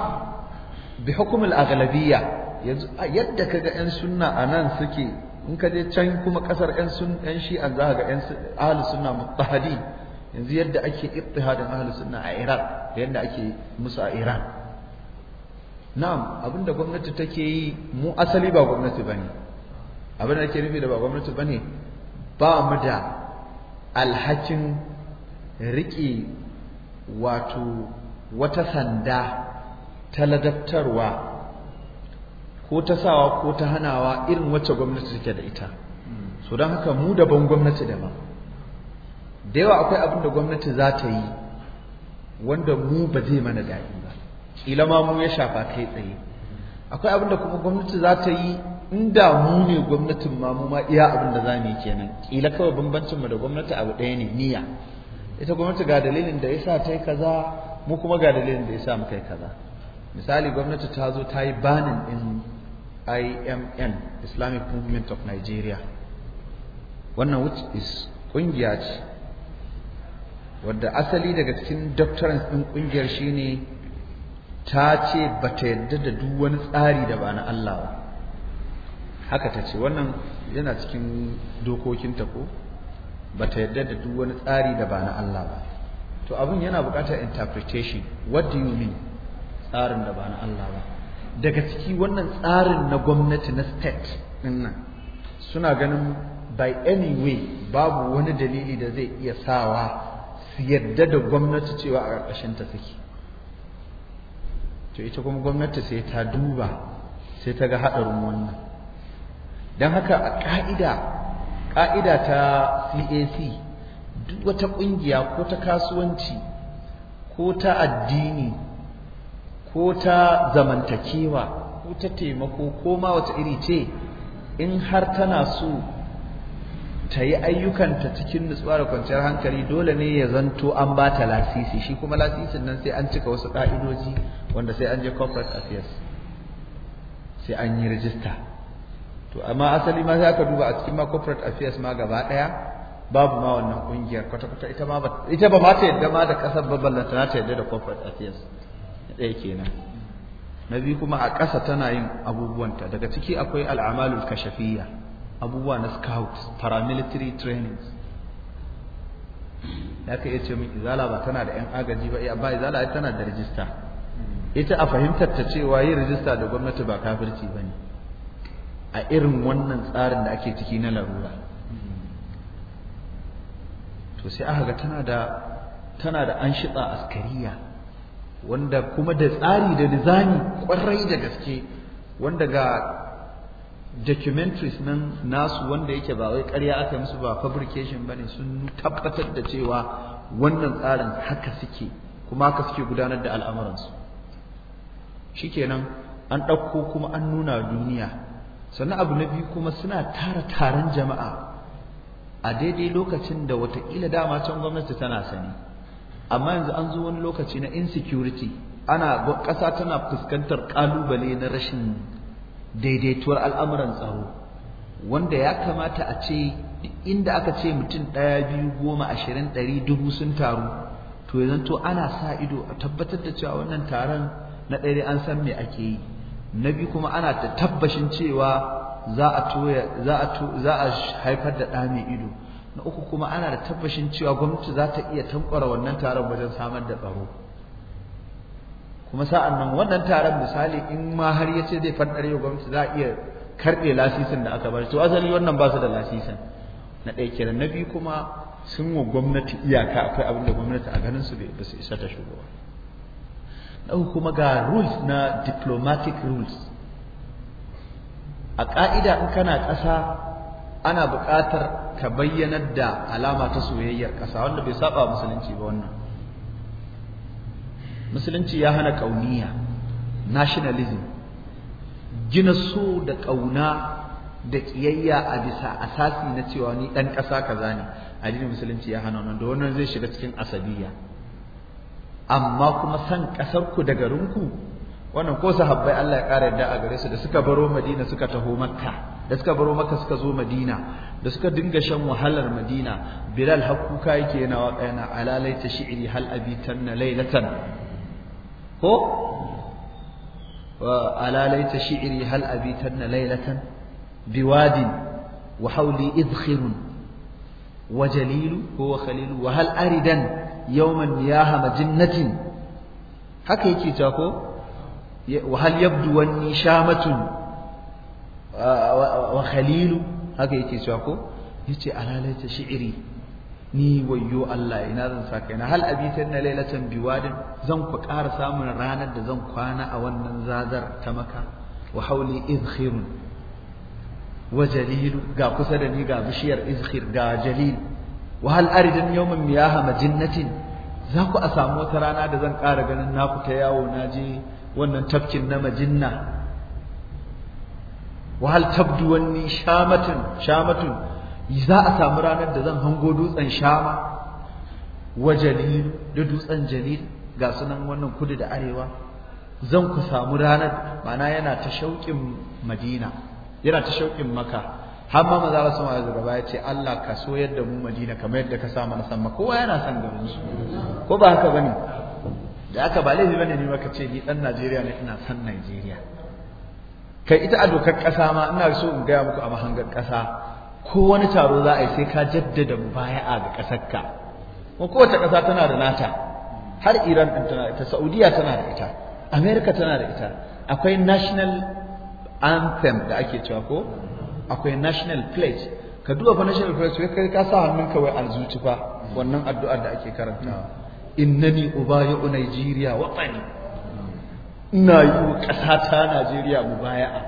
bi hukumul aghlabiyya yanzu yadda kaga yan sunna anan suke in ka je can kuma kasar yan sun yan ga yan ahli sunna mutahadi yanzu yadda ake ittihadin ahli sunna a Iran da yadda ake musu a Iran na'am abinda gwamnati take yi mu asali ba gwamnati bane abin da ake nufi da ba gwamnati bane ba mu da alhakin riƙe wato wata sanda ta ladabtarwa ko ta sawa ko ta hanawa irin wacce gwamnati take da ita so don haka mu daban gwamnati daban da yawa akwai abin da gwamnati za ta yi wanda mu ba zai mana daɗi ba ƙila ma mu ya shafa kai tsaye akwai abin da kuma gwamnati za ta yi inda mu ne gwamnatin ma mu ma iya abin da za mu yi kenan ƙila kawai bambancin mu da gwamnati abu ɗaya ne niyya ita gwamnati ga dalilin da yasa ta yi kaza mu kuma ga dalilin da yasa mu kai kaza misali gwamnati ta zo ta yi banin ɗin IMN Islamic Movement of Nigeria wannan which is kungiya ce wadda asali daga cikin doctrines din kungiyar shine ta ce ba ta yadda da duk wani tsari da ba na Allah ba haka ta ce wannan yana cikin dokokinta ko ba ta yadda da duk wani tsari da ba na Allah ba to abin yana bukatar interpretation what do you mean tsarin da ba na Allah ba daga ciki wannan tsarin na gwamnati na state nan suna ganin by any way babu wani dalili da zai iya sawa su yadda da gwamnati cewa a ƙarƙashin ta suke to ita kuma gwamnati sai ta duba sai ta ga haɗarin wannan don haka a ƙa'ida ƙa'ida ta CAC duk wata ƙungiya ko ta kasuwanci ko ta addini ko ta zamantakewa ko ta taimako ko ma wata iri ce in har tana so ta yi ayyukanta cikin nutsuwa da kwanciyar hankali dole ne ya zanto an ba ta lasisi shi kuma lasisin nan sai an cika wasu ƙa'idoji wanda sai an je corporate affairs sai an yi rijista to amma asali ma za ka duba a cikin ma corporate affairs ma gaba ɗaya babu ma wannan ƙungiyar kwata-kwata ita ba ma ta yadda ma da ƙasar babban ta yadda da corporate affairs ɗaya kenan na biyu kuma a ƙasa tana yin abubuwanta daga ciki akwai al'amalul kashafiyya abubuwa na scouts, paramilitary trainings ya ka iya ce min izala ba tana da yan agaji ba ba izala tana da rijista ita a fahimtar ta cewa yin rijista da gwamnati ba kafirci ba ne a irin wannan tsarin da ake ciki na larura to sai aka ga tana da tana da an shiɗa askariya wanda kuma da tsari da nizami kwarai da gaske wanda ga documentaries nan nasu wanda yake ba wai ƙarya aka musu ba fabrication bane sun tabbatar da cewa wannan tsarin haka suke kuma haka suke gudanar da al'amuransu Shi shikenan an ɗauko kuma an nuna duniya sannan abu na biyu kuma suna tara taron jama'a a daidai lokacin da watakila dama can gwamnati tana sani amma yanzu an zo wani lokaci na insecurity ana ƙasa tana fuskantar ƙalubale na rashin daidaituwar al'amuran tsaro wanda ya kamata a ce inda aka ce mutum ɗaya biyu goma ashirin ɗari dubu sun taru to yanzu to ana sa ido a tabbatar da cewa wannan taron na ɗaya an san me ake yi na biyu kuma ana ta tabbashin cewa za a haifar da ɗa mai ido na uku kuma ana da tabbashin cewa gwamnati za ta iya tankwara wannan taron wajen samar da tsaro kuma sa'an nan wannan taron misali in ma har ya ce zai fadar yau gwamnati za a iya karɓe lasisin da aka bari to asali wannan ba su da lasisin na ɗaya kenan na biyu kuma sun wa gwamnati iyaka akwai abin da gwamnati a ganin su ba su isa ta shigo ba na uku kuma ga rules na diplomatic rules a ƙa'ida in kana ƙasa ana buƙatar ka bayyanar da alama ta soyayyar ƙasa wanda bai saba musulunci ba wannan musulunci ya hana ƙauniya nationalism gina so da ƙauna da ƙiyayya a bisa asasi na cewa ni dan ƙasa kaza ne addinin musulunci ya hana wannan da wannan zai shiga cikin asabiya amma kuma san ƙasarku da garinku wannan ko sahabbai Allah ya ƙara yadda a gare su da suka baro Madina suka taho Makka da suka baro maka suka zo madina da suka dinga shan wahalar madina bilal hakuka yake yana waka yana alalaita shi'ri hal abitanna laylatan ko wa alalaita shi'ri hal abitanna laylatan biwadin wa hawli idkhirun wa jalilu huwa khalilu wa hal aridan yawman niyaha majinnatin haka yake ta ko wa hal yabdu wan nishamatun wa khalilu haka yake cewa ko yace alalaita shi'iri ni wayyo Allah ina zan saka ina hal abitan na lailatan biwadin zan ku ƙara samun ranar da zan kwana a wannan zazar ta maka wa hauli izkhir wa jalil ga kusa da ni ga bishiyar izkhir ga jalil wa hal aridan yawman miyaha majinnatin za ku a samu wata rana da zan kara ganin na fita yawo na je wannan tafkin na majinna wahal tabdu wanni shamatun shamatun za a samu ranar da zan hango dutsen shama wa jalil da dutsen jalil ga sunan wannan kudu da arewa zan ku samu ranar ma'ana yana ta shauƙin madina yana ta shauƙin maka har ma maza rasu ma'azu gaba ya ce Allah ka so yadda mu madina kamar yadda ka sa mana ma, kowa yana san garin su ko ba haka bane da aka ba laifi bane ne maka ce ni dan Najeriya ne ina san Najeriya kai ita a dokar ƙasa ma ina so in gaya muku a mahangar ƙasa ko wani taro za a yi sai ka jaddada mubaya'a ga ƙasarka kuma kowace ƙasa tana da nata har Iran ɗin tana da ita Saudiya tana da ita America tana da ita akwai national anthem da ake cewa ko akwai national pledge ka duba fa national pledge kai ka sa hannun kawai a zuci fa wannan addu'ar da ake karantawa mm. innani ubayi'u Nigeria qani ina yi wa ƙasa ta Najeriya mubaya'a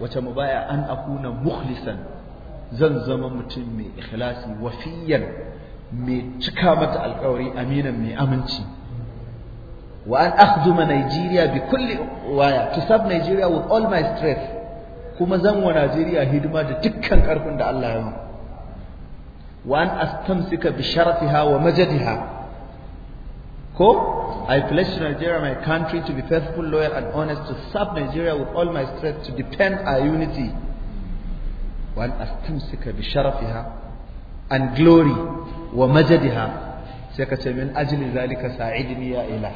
wace mubaya an akuna mukhlisan zan zama mutum mai ikhlasi wafiyan mai cika mata alkawari aminan mai aminci wa an akhduma Najeriya bi kulli waya to serve Nigeria with all my strength kuma zan wa Najeriya hidima da dukkan karfin da Allah ya mu wa an astamsika bi sharafiha wa majadiha ko I pledge to Nigeria, my country, to be faithful, loyal, and honest, to serve Nigeria with all my strength, to defend our unity, وأن أستمسك بشرفها and glory ومجدها سيكتب من أجل ذلك ساعدني يا إله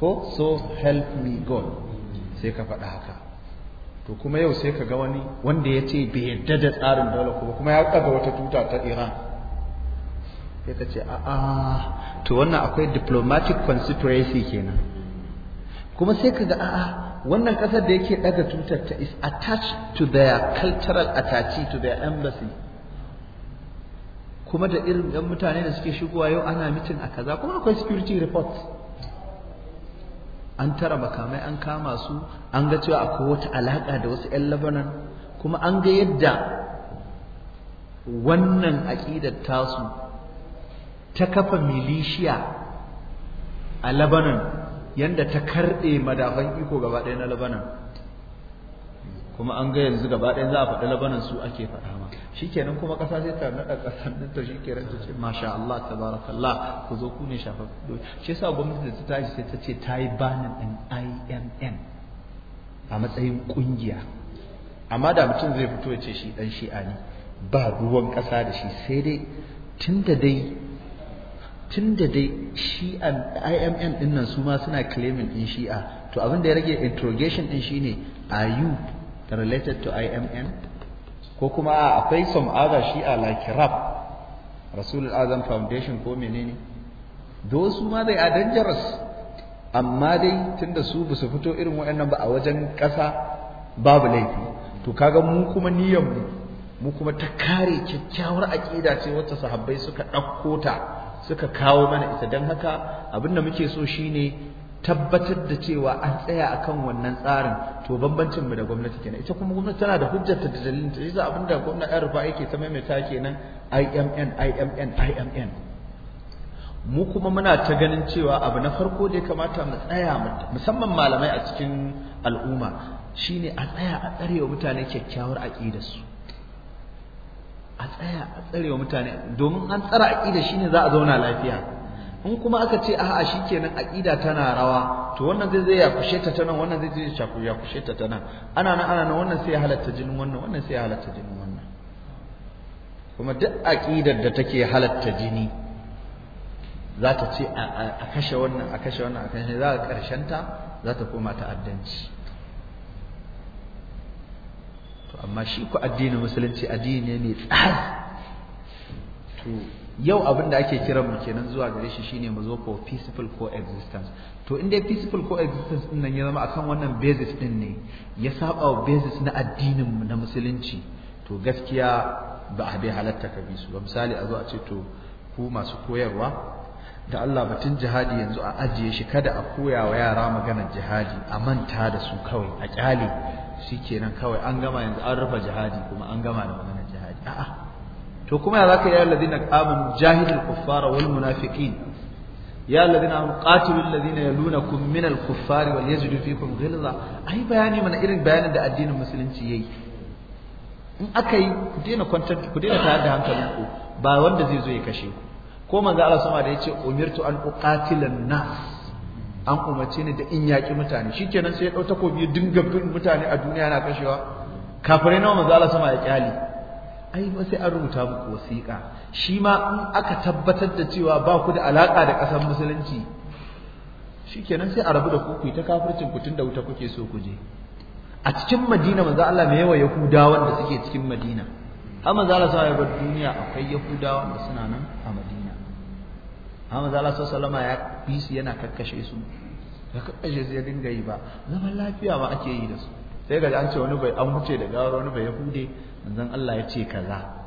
ko so help me God sai ka faɗa haka to kuma yau sai ka ga wani wanda ya ce bai yarda da tsarin dole kuma ya ɗaga wata tuta ta Iran sai ka ce a'a to wannan akwai diplomatic conspiracy kenan kuma sai ka ga a'a wannan kasar da yake daga tutar ta is attached to their cultural attached to their embassy kuma da irin 'yan mutane da suke shigowa yau ana mitin a kaza kuma akwai security reports an tara makamai an kama su an ga cewa akwai wata alaƙa da wasu 'yan Lebanon kuma an ga yadda wannan aƙidar tasu ta kafa milishiya a labanan, yadda ta karɗe madafan iko gaba ɗaya na Lebanon kuma an ga yanzu gaba ɗaya za a faɗi Lebanon su ake faɗa ma Shi kenan kuma ƙasa sai ta naɗa ƙasar nan ta shi ke ta ce masha Allah tabarakallah ku zo ku ne shafa shi yasa gwamnati da ta tashi sai ta ce ta yi banin ɗin IMM a matsayin ƙungiya amma da mutum zai fito ya ce shi ɗan shi'a ba ruwan ƙasa da shi sai dai tunda dai tun da dai Shi'a IMN din nan su ma suna claiming din shi'a to abin da ya rage interrogation din shine are you related to IMN ko kuma akwai some other shi'a like rap Rasulul Azam Foundation ko menene do su ma dai are dangerous amma dai tunda su ba su fito irin waɗannan ba a wajen ƙasa babu laifi to kaga mu kuma niyyar mu mu kuma ta kare kyakkyawar aƙida ce wacce sahabbai suka ɗauko ta suka kawo mana ita don haka abinda muke so shine tabbatar da cewa an tsaya akan wannan tsarin to bambancin mu da gwamnati kenan ita kuma gwamnati tana da hujjar ta da dalilin ta yasa abin da gwamnati ɗan rufa yake ta maimaita kenan IMN IMN IMN mu kuma muna ta ganin cewa abu na farko da ya kamata mu tsaya musamman malamai a cikin al'umma shine a tsaya a tsarewa mutane kyakkyawar aqidar su a tsaya a tsare wa mutane domin an tsara aƙida shine za a zauna lafiya in kuma aka ce a'a shikenan aƙida tana rawa to wannan zai zai ya kushe ta nan wannan zai zai shaku ya kushe ta tana ana nan ana nan wannan sai ya halatta jinin wannan wannan sai ya halatta jinin wannan kuma duk aƙidar da take halatta jini za ta ce a kashe wannan a kashe wannan a kashe za a karshen ta za ta koma ta'addanci to amma shi ku addinin musulunci addini ne tsari to yau abin da ake kiran mu kenan zuwa gare shi shine mu zo ko peaceful coexistence to in dai peaceful coexistence din nan ya zama akan wannan basis din ne ya saba wa basis na addinin mu na musulunci to gaskiya ba a bai halatta ka bi su ba misali a zo a ce to ku masu koyarwa da Allah batun jihadi yanzu a ajiye shi kada a koya wa yara maganar jihadi a manta da su kawai a kyale kenan kawai an gama yanzu an rufe jihadi kuma an gama da magana jihadi a'a to kuma ya zaka ya alladhina amanu jahidul kuffara wal munafiqin ya alladhina amanu qatilul ladhina yalunakum minal kuffari wal yajidu fikum ghilza ai bayani mana irin bayanin da addinin musulunci yayi in aka yi ku daina kwantar ku daina tayar da hankalinku ba wanda zai zo ya kashe ku ko manzo Allah sama da yace umirtu an uqatilan nas an umarce ni da in yaƙi mutane shikenan sai ya ɗau takobi dinga bin mutane a duniya na kashewa kafirai nawa manzo Allah sama ya kyale ai ba sai an rubuta muku wasiƙa shi ma in aka tabbatar da cewa ba ku da alaƙa da ƙasar musulunci shikenan sai a rabu da ku ku ta kafircin ku tunda wuta kuke so ku je a cikin Madina manzo Allah mai yawa Yahudawan da suke cikin Madina har manzo Allah sama ya bar duniya akwai Yahudawan da suna nan amma zala salama ya bisi yana kakkashe su ya kakkashe su ya dinga yi ba zaman lafiya ba ake yi da su sai ga an ce wani bai an huce da gawar wani bai yahude manzon Allah ya ce kaza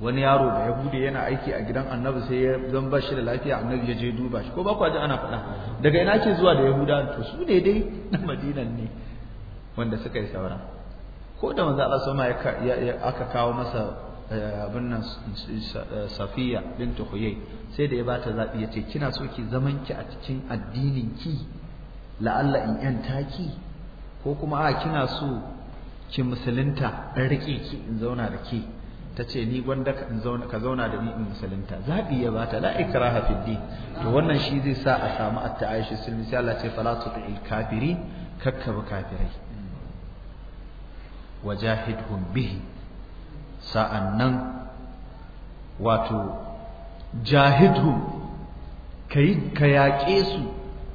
wani yaro da yahude yana aiki a gidan annabi sai ya zan ba shi da lafiya annabi ya je duba shi ko ba ku ji ana faɗa daga ina ce zuwa da yahuda to su ne dai na madinan ne wanda suka yi saura ko da manzo Allah sama aka kawo masa Eh, abin nan eh, safiya bintu sai da ya bata zabi yace kina so ki zaman ki a cikin addinin ki la'alla in yan taki ko kuma a kina so ki musulunta in rike ki in zauna da ke ta ce ni gwanda ka zauna ka zauna da ni in musulunta zabi ya bata la ikraha fi din to wannan shi zai sa a samu atta aisha silmi sai Allah ce fala tuti'il kafirin kakkaba kafirai mm. wajahidhum bihi sa'an nan wato jahidhu ka yaƙe su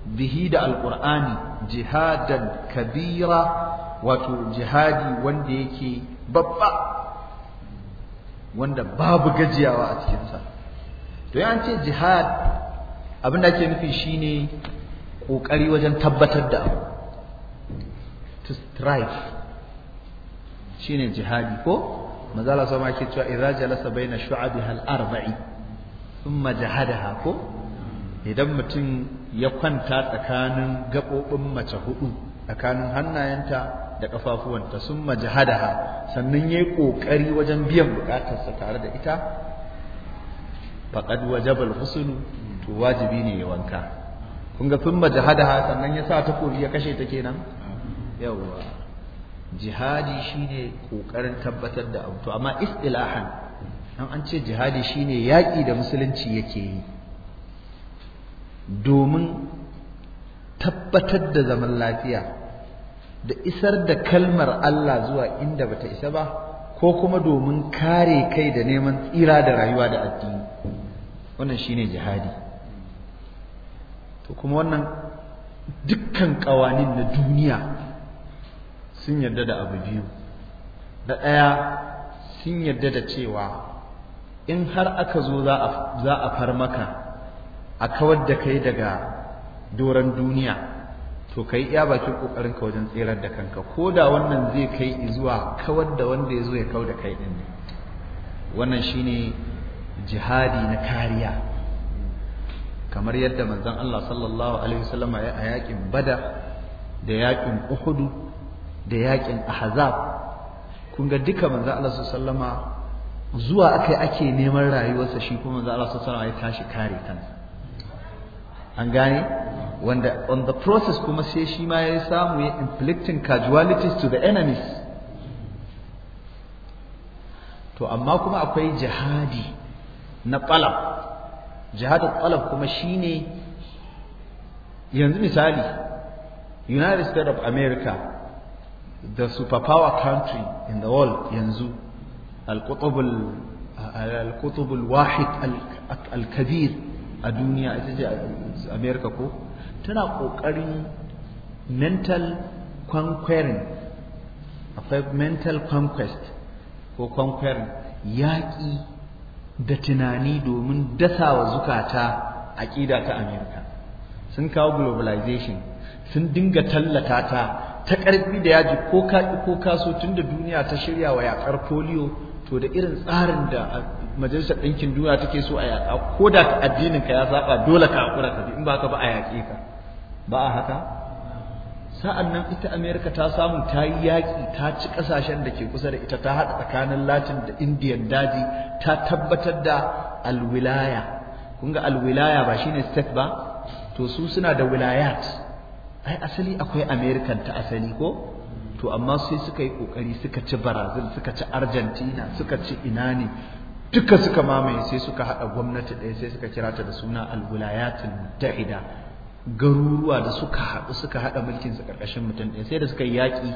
bihi da alƙur'ani jihadan kabira wato jihadi wanda yake babba wanda babu gajiyawa a cikinsa to an ce jihad abinda da nufi shine ƙoƙari wajen tabbatar da abu to strive shine jihadi ko manzo sama yake cewa idza jalasa baina shu'abiha al-arba'i thumma jahadaha ko idan mutum ya kwanta tsakanin gaɓoɓin mace hudu tsakanin hannayenta da ƙafafuwanta sun jahadaha sannan yayi yi wajen biyan buƙatarsa tare da ita wajaba al husnu to wajibi ne ya wanka kun ga thumma jahadaha sannan ya sa takobi ya kashe ta kenan yawwa jihadi shine kokarin tabbatar da abu to amma istilahan dan an ce jihadi shine yaƙi da musulunci yake yi domin tabbatar da zaman lafiya da isar da kalmar Allah zuwa inda bata isa ba ko kuma domin kare kai da neman tsira da rayuwa da addini wannan shine jihadi to kuma wannan dukkan ƙawanin na duniya sun yarda da abu biyu na ɗaya sun yarda da cewa in har aka zo za a far maka a kawar da kai daga doron duniya to kai iya bakin ƙoƙarin ka wajen tserar da kanka ko da wannan zai kai zuwa kawar da wanda ya zo ya kawar da kai din ne wannan shine jihadi na kariya kamar yadda manzon Allah sallallahu alaihi wasallam ya a yakin bada, da yaƙin Uhudu da yakin ahzab kun ga duka manzo Allah Sallallahu sallama zuwa akai ake neman rayuwarsa shi kuma manzo Allah Sallallahu alaihi wasallam ya tashi kare kansa an gane wanda on the process kuma sai shi ma ya samu ya inflicting casualties to the enemies to amma kuma akwai jihadi na qalab jihadul qalab kuma shine yanzu misali United States of America the superpower country in the world yanzu al-qutub uh, al-wahid al-kabir a duniya ita ce America ko tana kokarin mental conquering akwai mental conquest ko conquering yaƙi da tunani domin dasawa zukata aƙida ta America sun kawo globalization sun dinga tallata ta ta ƙarfi da yaji ko ka ko ka kaso tunda duniya ta shirya wa yakar polio to da irin tsarin da majalisar ɗinkin duniya take so a yaƙa ko da addinin ka ya saba dole ka hakura ka bi in ba ka ba a yaƙe ka ba a haka sa'an nan ita amerika ta samu ta yi yaƙi ta ci ƙasashen da ke kusa da ita ta haɗa tsakanin latin da Indian daji ta tabbatar da alwilaya kun ga alwilaya ba shine state ba to su suna da wilayat ai asali akwai american ta asali ko to amma sai suka yi kokari suka ci brazil suka ci argentina suka ci ina ne duka suka mamaye sai suka haɗa gwamnati ɗaya sai suka kira ta da suna alwulayatul mutahida garuruwa da suka haɗu suka haɗa mulkin su ƙarƙashin mutum ɗaya sai da suka yi yaƙi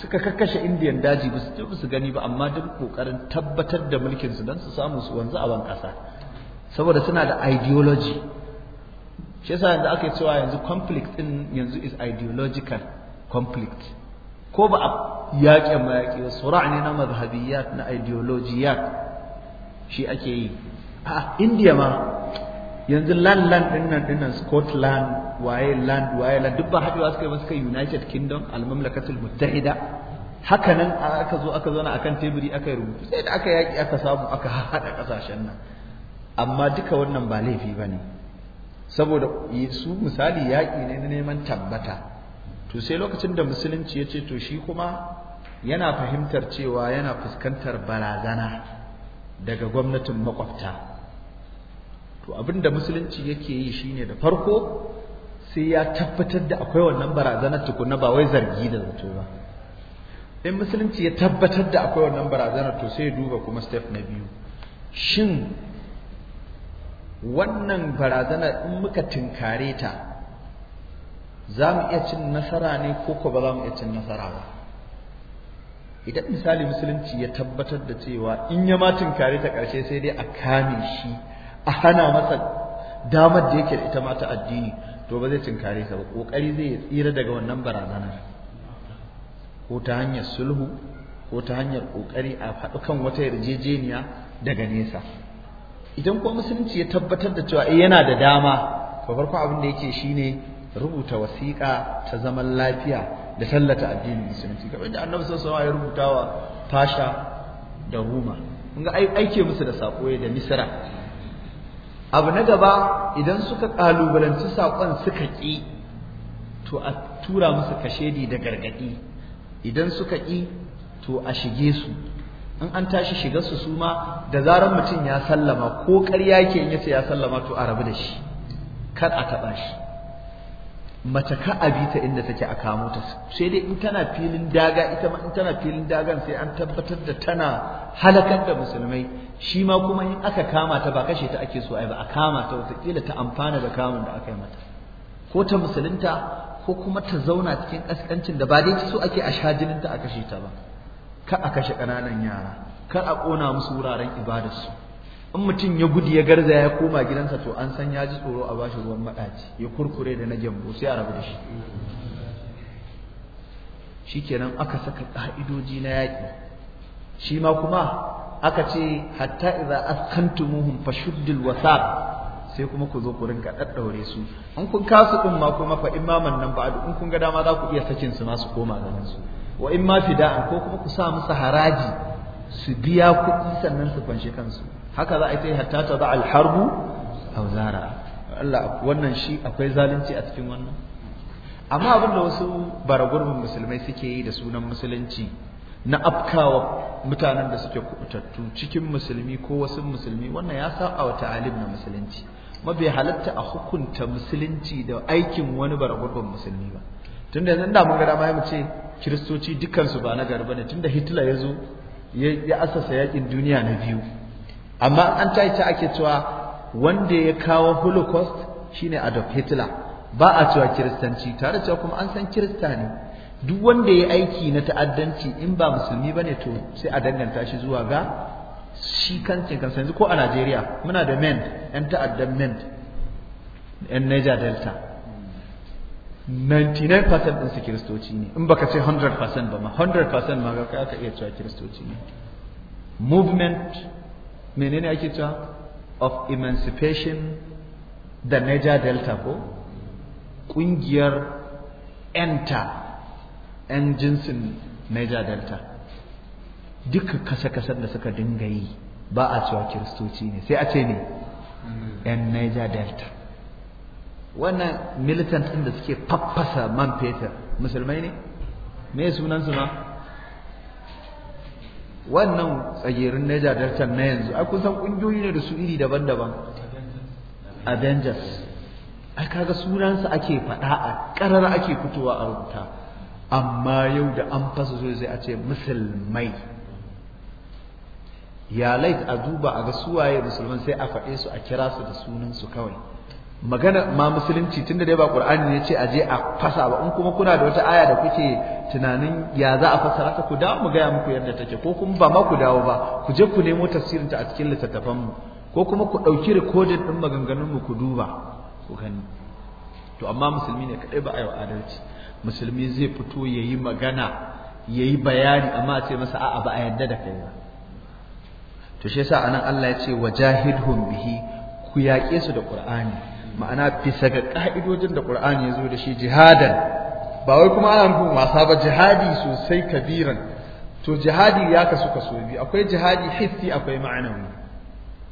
suka karkashe indiyan daji ba su ci su gani ba amma duk kokarin tabbatar da mulkin su don su samu su wanzu a ban ƙasa saboda suna da ideology shi yasa yanzu aka cewa yanzu conflict din yanzu is ideological conflict ko ba a yaƙe mayaƙe su ra'ani na mazhabiyat na ideologiyat shi ake yi a india ma yanzu land land din nan din nan scotland waye land waye land duk ba haɗewa suka yi ba suka united kingdom al-mamlakatul muttahida haka nan aka zo aka zauna akan teburi aka yi rubutu sai da aka yaƙi aka samu aka haɗa ƙasashen nan amma duka wannan ba laifi ba ne saboda su misali yaƙi ne na neman tabbata to sai lokacin da musulunci ya ce to shi kuma yana fahimtar cewa yana fuskantar barazana daga gwamnatin makwabta to abin da musulunci yake yi shine da farko sai ya tabbatar da akwai wannan barazanar tukuna ba wai zargi da zato ba in musulunci ya tabbatar da akwai wannan barazanar to sai ya duba kuma step na biyu shin wannan barazana in muka tunkare ta za mu iya cin nasara ne ko ko ba za mu iya cin nasara ba idan misali musulunci ya tabbatar da cewa in ya ma tunkare ta ƙarshe sai dai a kame shi a hana masa damar da yake da ita mata addini to ba zai tunkare ta ba ƙoƙari zai ya tsira daga wannan barazana ko ta hanyar sulhu ko ta hanyar ƙoƙari a faɗi kan wata yarjejeniya daga nesa idan kuma musulunci ya tabbatar da cewa eh yana da dama to farko abin da yake shine rubuta wasiƙa ta zaman lafiya da tallata addinin musulunci kamar da annabi sallallahu alaihi ya rubuta wa fasha da ruma kun ga aike musu da sako da misra abu na gaba idan suka kalubalanci sakon suka ƙi to a tura musu kashedi da gargadi idan suka ƙi to a shige su in an tashi shigar su suma da zarar mutum ya sallama ko ƙarya yake in yace ya sallama to a rabu da shi kar a taɓa shi mace ka a ta inda take a kamo ta sai dai in tana filin daga ita ma in tana filin dagan sai an tabbatar da tana halakar da musulmai shi ma kuma in aka kama ta ba kashe ta ake so ai ba a kama ta kila ta amfana da kamun da aka yi mata ko ta musulunta ko kuma ta zauna cikin ƙasƙancin da ba dai so ake a shajinin ta a kashe ta ba ka a kashe ƙananan yara ka a ƙona musu wuraren ibadarsu in mutum ya gudu ya garza ya koma gidansa to an san ya ji tsoro a bashi ruwan maɗaci ya kurkure da na gyambo sai a rabu da shi shikenan aka saka ƙa'idoji na yaƙi shi ma kuma aka ce hatta idza askantumuhum fashuddul wasaq sai kuma ku zo ku rinka daddaure su in kun kasu din ma kuma fa imaman nan ba'du in kun ga dama za ku iya sakin su ma su koma ganin su wa in ma fida'an ko kuma ku sa musu haraji su biya kuɗi sannan su kwanshi kansu haka za a yi ta yi hatta ta za alharbu auzara Allah wannan shi akwai zalunci a cikin wannan amma abin da wasu baragurbin musulmai suke yi da sunan musulunci na afkawa mutanen da suke kubutattu cikin musulmi ko wasu musulmi wannan ya a wa ta'alim na musulunci mabai halatta a hukunta musulunci da aikin wani baragurbin musulmi ba tunda yanzu da mun ga dama mu ce kiristoci dukansu ba na gari ne tunda hitler ya zo ya asasa yakin duniya na biyu amma an ta ake cewa wanda ya kawo holocaust shine adolf hitler ba a cewa kiristanci tare cewa kuma an san kirista ne duk wanda ya aiki na ta'addanci in ba musulmi bane to sai a danganta shi zuwa ga shi kancin kansa yanzu ko a Najeriya muna da men yan ta'addan men yan Niger Delta 99% ɗinsu kiristoci ne in baka ce 100% ba ma 100% ma ga aka iya cewa kiristoci ne movement menene ake cewa of emancipation da Niger Delta ko ƙungiyar enter 'yan jinsin Niger Delta duka kasa-kasar da suka dinga yi ba a cewa kiristoci ne sai a ce ne 'yan Niger Delta wannan militant ɗin da suke faffasa man fetur musulmai ne me sunansu ma wannan tsagerin Niger na yanzu a kun ƙungiyoyi ne da su iri daban-daban Avengers ai kaga sunansa ake faɗa a ƙarar ake fitowa a rubuta amma yau da an fasa zo sai a ce musulmai ya lait a duba a ga suwaye musulman sai a faɗe su a kira su da sunansu kawai magana ma musulunci tunda dai ba qur'ani ne ce aje a fasa ba in kuma kuna da wata aya da kuke tunanin ya za a fasara ta ku dawo mu gaya muku yadda take ko kuma ba ma ku dawo ba ku je ku nemo tafsirin ta a cikin littattafan mu ko kuma ku ɗauki rikodin ɗin maganganun mu ku duba ku gani to amma musulmi ne kadai ba a yi adalci musulmi zai fito yayi magana yayi bayani amma a ce masa a'a ba a yadda da kai ba to shi yasa anan Allah ya ce wajahidhum bihi ku yaƙe su da ƙur'ani. ma'ana bisa ga ka'idojin da Qur'ani ya zo da shi jihadan ba wai kuma ana nufin wasa ba jihadi sosai kabiran to jihadi ya kasu kaso biyu akwai jihadi hissi akwai ma'anawi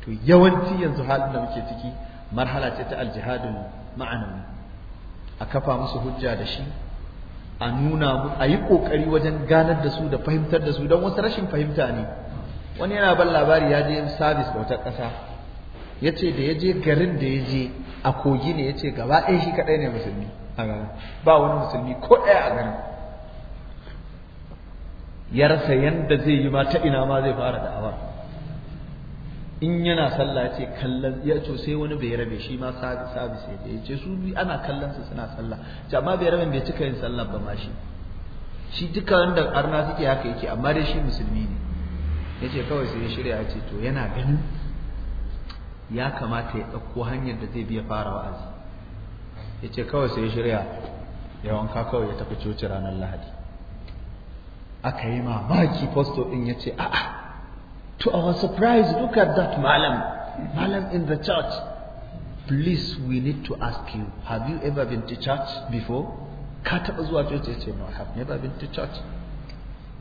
to yawanci yanzu halin da muke ciki marhala ce ta aljihadin ma'anawi a kafa musu hujja da shi a nuna a yi ƙoƙari wajen ganar da su da fahimtar da su don wasu rashin fahimta ne wani yana ban labari ya je sabis da wata ƙasa ya ce da ya je garin da ya je a kogi ne ya ce gaba ɗaya shi kaɗai ne musulmi a garin ba wani musulmi ko ɗaya a garin ya rasa yadda zai yi ma ta ina ma zai fara da'awa in yana sallah ce kallon ya to sai wani bai rabe shi ma sabis ya ce su ana kallon su suna sallah ce amma bai rabe bai cika yin sallah ba ma shi shi duka wanda arna suke haka yake amma dai shi musulmi ne yace kawai sai ya shirya ya ce to yana ganin ya kamata ya ɗauko hanyar da zai biya fara wa'azi ya ce kawai sai shirya ya wanka kawai ya tafi coci ranar lahadi aka yi mamaki fosto ɗin ya ce a'a to our surprise look at that malam malam in the church please we need to ask you have you ever been to church before ka taɓa zuwa coci ya ce no I have never been to church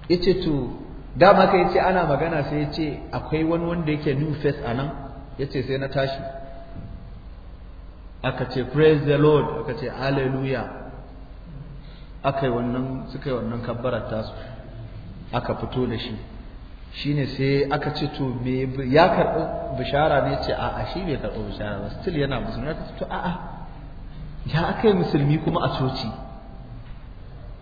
ya ce to dama ka ya ce ana magana sai ya ce akwai wani wanda yake new face a nan Ya ce sai na tashi aka ce praise the lord aka ce hallelujah aka yi wannan suka yi wannan kabbarar tasu aka fito da shi shine sai aka ce to me ya karɓi bishara ne ce a'a shi bai karɓi bishara ba still yana musulmi ya ce to a'a ya aka yi musulmi kuma a coci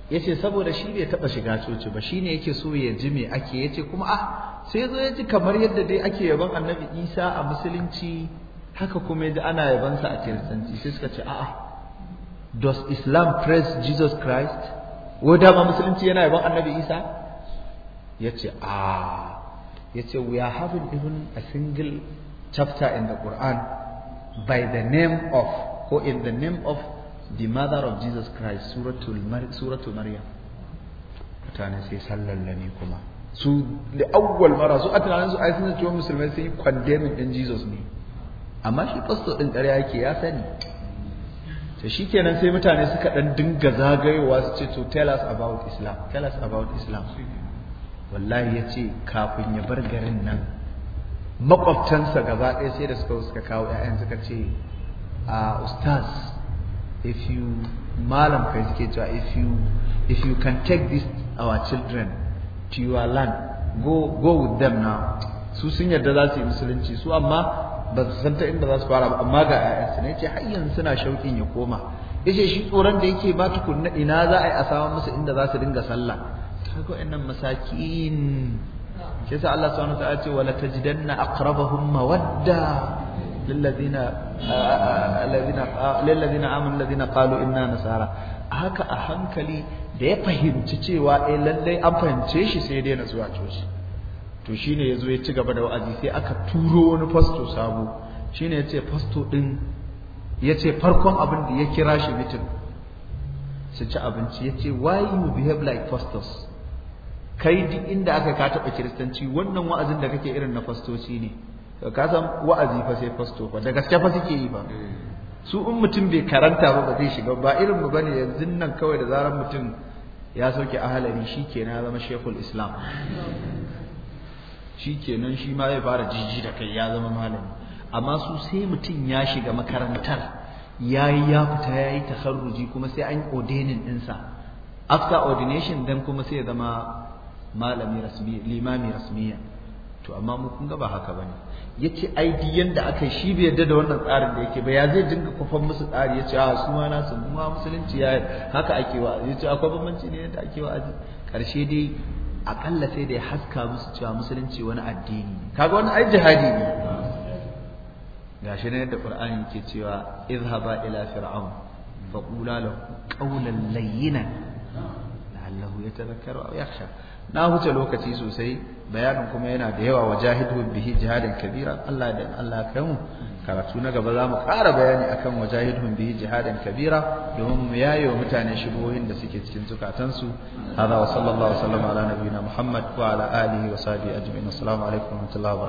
Ya ce saboda shi bai taɓa shiga coci ba shine yake so ya ji me ake ya ce kuma a ah, sai zo ya ji kamar yadda dai ake yaban annabi isa a musulunci haka kuma ya ji ana yabansa a kiristanci sai suka ce a'a does islam praise jesus christ wai dama musulunci yana yaban annabi isa ya ce a ya ce we are having even a single chapter in the quran by the name of ko in the name of the mother of jesus christ suratul maryam mutane sai sallallani kuma su da awwal mara su a tunanin su ai sun cewa musulmai sun yi condemning din Jesus ne amma shi pastor din ƙarya yake ya sani to shikenan sai mutane suka dan dinga zagayowa su ce to tell us about Islam tell us about Islam wallahi ya ce kafin ya bar garin nan makwabtansa gaba ɗaya sai da suka suka kawo ƴaƴan suka ce a ustaz if you malam kai suke cewa if you if you can take this our children to your go with them now su sun yarda za su yi musulunci su amma ba su san ta inda za su fara ba amma ga ayyansu ne ce har yanzu suna shauƙin ya koma ya ce shi tsoron da yake ba tukunna ina za a yi a samun musu inda za su dinga sallah kaga wayannan masakin ke sa Allah subhanahu wa ta'ala ce wala tajidanna aqrabahum mawadda للذين الذين للذين امنوا الذين قالوا nasara haka a hankali da ya fahimci cewa eh lallai an fahimce shi sai dai na zuwa coci to shine yazo ya ci gaba da wa'azi sai aka turo wani fasto sabo shine yace fasto din yace farkon abin da ya kira shi mitin su ci abinci yace why you behave like pastors kai duk inda aka ka taɓa kiristanci wannan wa'azin da kake irin na fastoci ne ka san wa'azi fa sai fasto fa da gaske fa suke yi ba? Mm. su in mutum bai karanta ba ba zai shiga ba irin mu bane yanzu nan kawai da zarar mutum ya sauke ahalari shi kenan ya zama shekul islam shi kenan shi ma zai fara jiji da kai ya zama malami amma su sai mutum ya shiga makarantar ya yi ya fita ya yi takarruji kuma sai an ordinin ɗinsa after ordination dan kuma sai ya zama malami rasmi limami rasmiya to amma mu kun ga ba haka bane yace ai duk yanda aka shi bai yarda da wannan tsarin da yake ba ya zai dinga kufan musu tsari yace a su ma nasu kuma musulunci ya haka ake wa yace akwai bambanci ne yadda ake wa aji karshe dai akalla sai da ya haska musu cewa musulunci wani addini kaga wani ai jihadi ne gashi ne yadda qur'ani yake cewa izhaba ila fir'aun faqula lahu qawlan layyinan la'allahu yatadhakkaru aw yakhsha na huce lokaci sosai bayanin kuma yana da yawa wa jahidu bihi jihadin kabira Allah da Allah kai mu karatu na gaba za mu ƙara bayani akan wa jahidun bihi jihadin kabira domin mu yayo mutane shigohin da suke cikin zukatansu hada wa sallallahu alaihi wa sallam ala nabiyina muhammad wa ala alihi wa sahbihi ajma'in assalamu alaikum wa rahmatullahi wa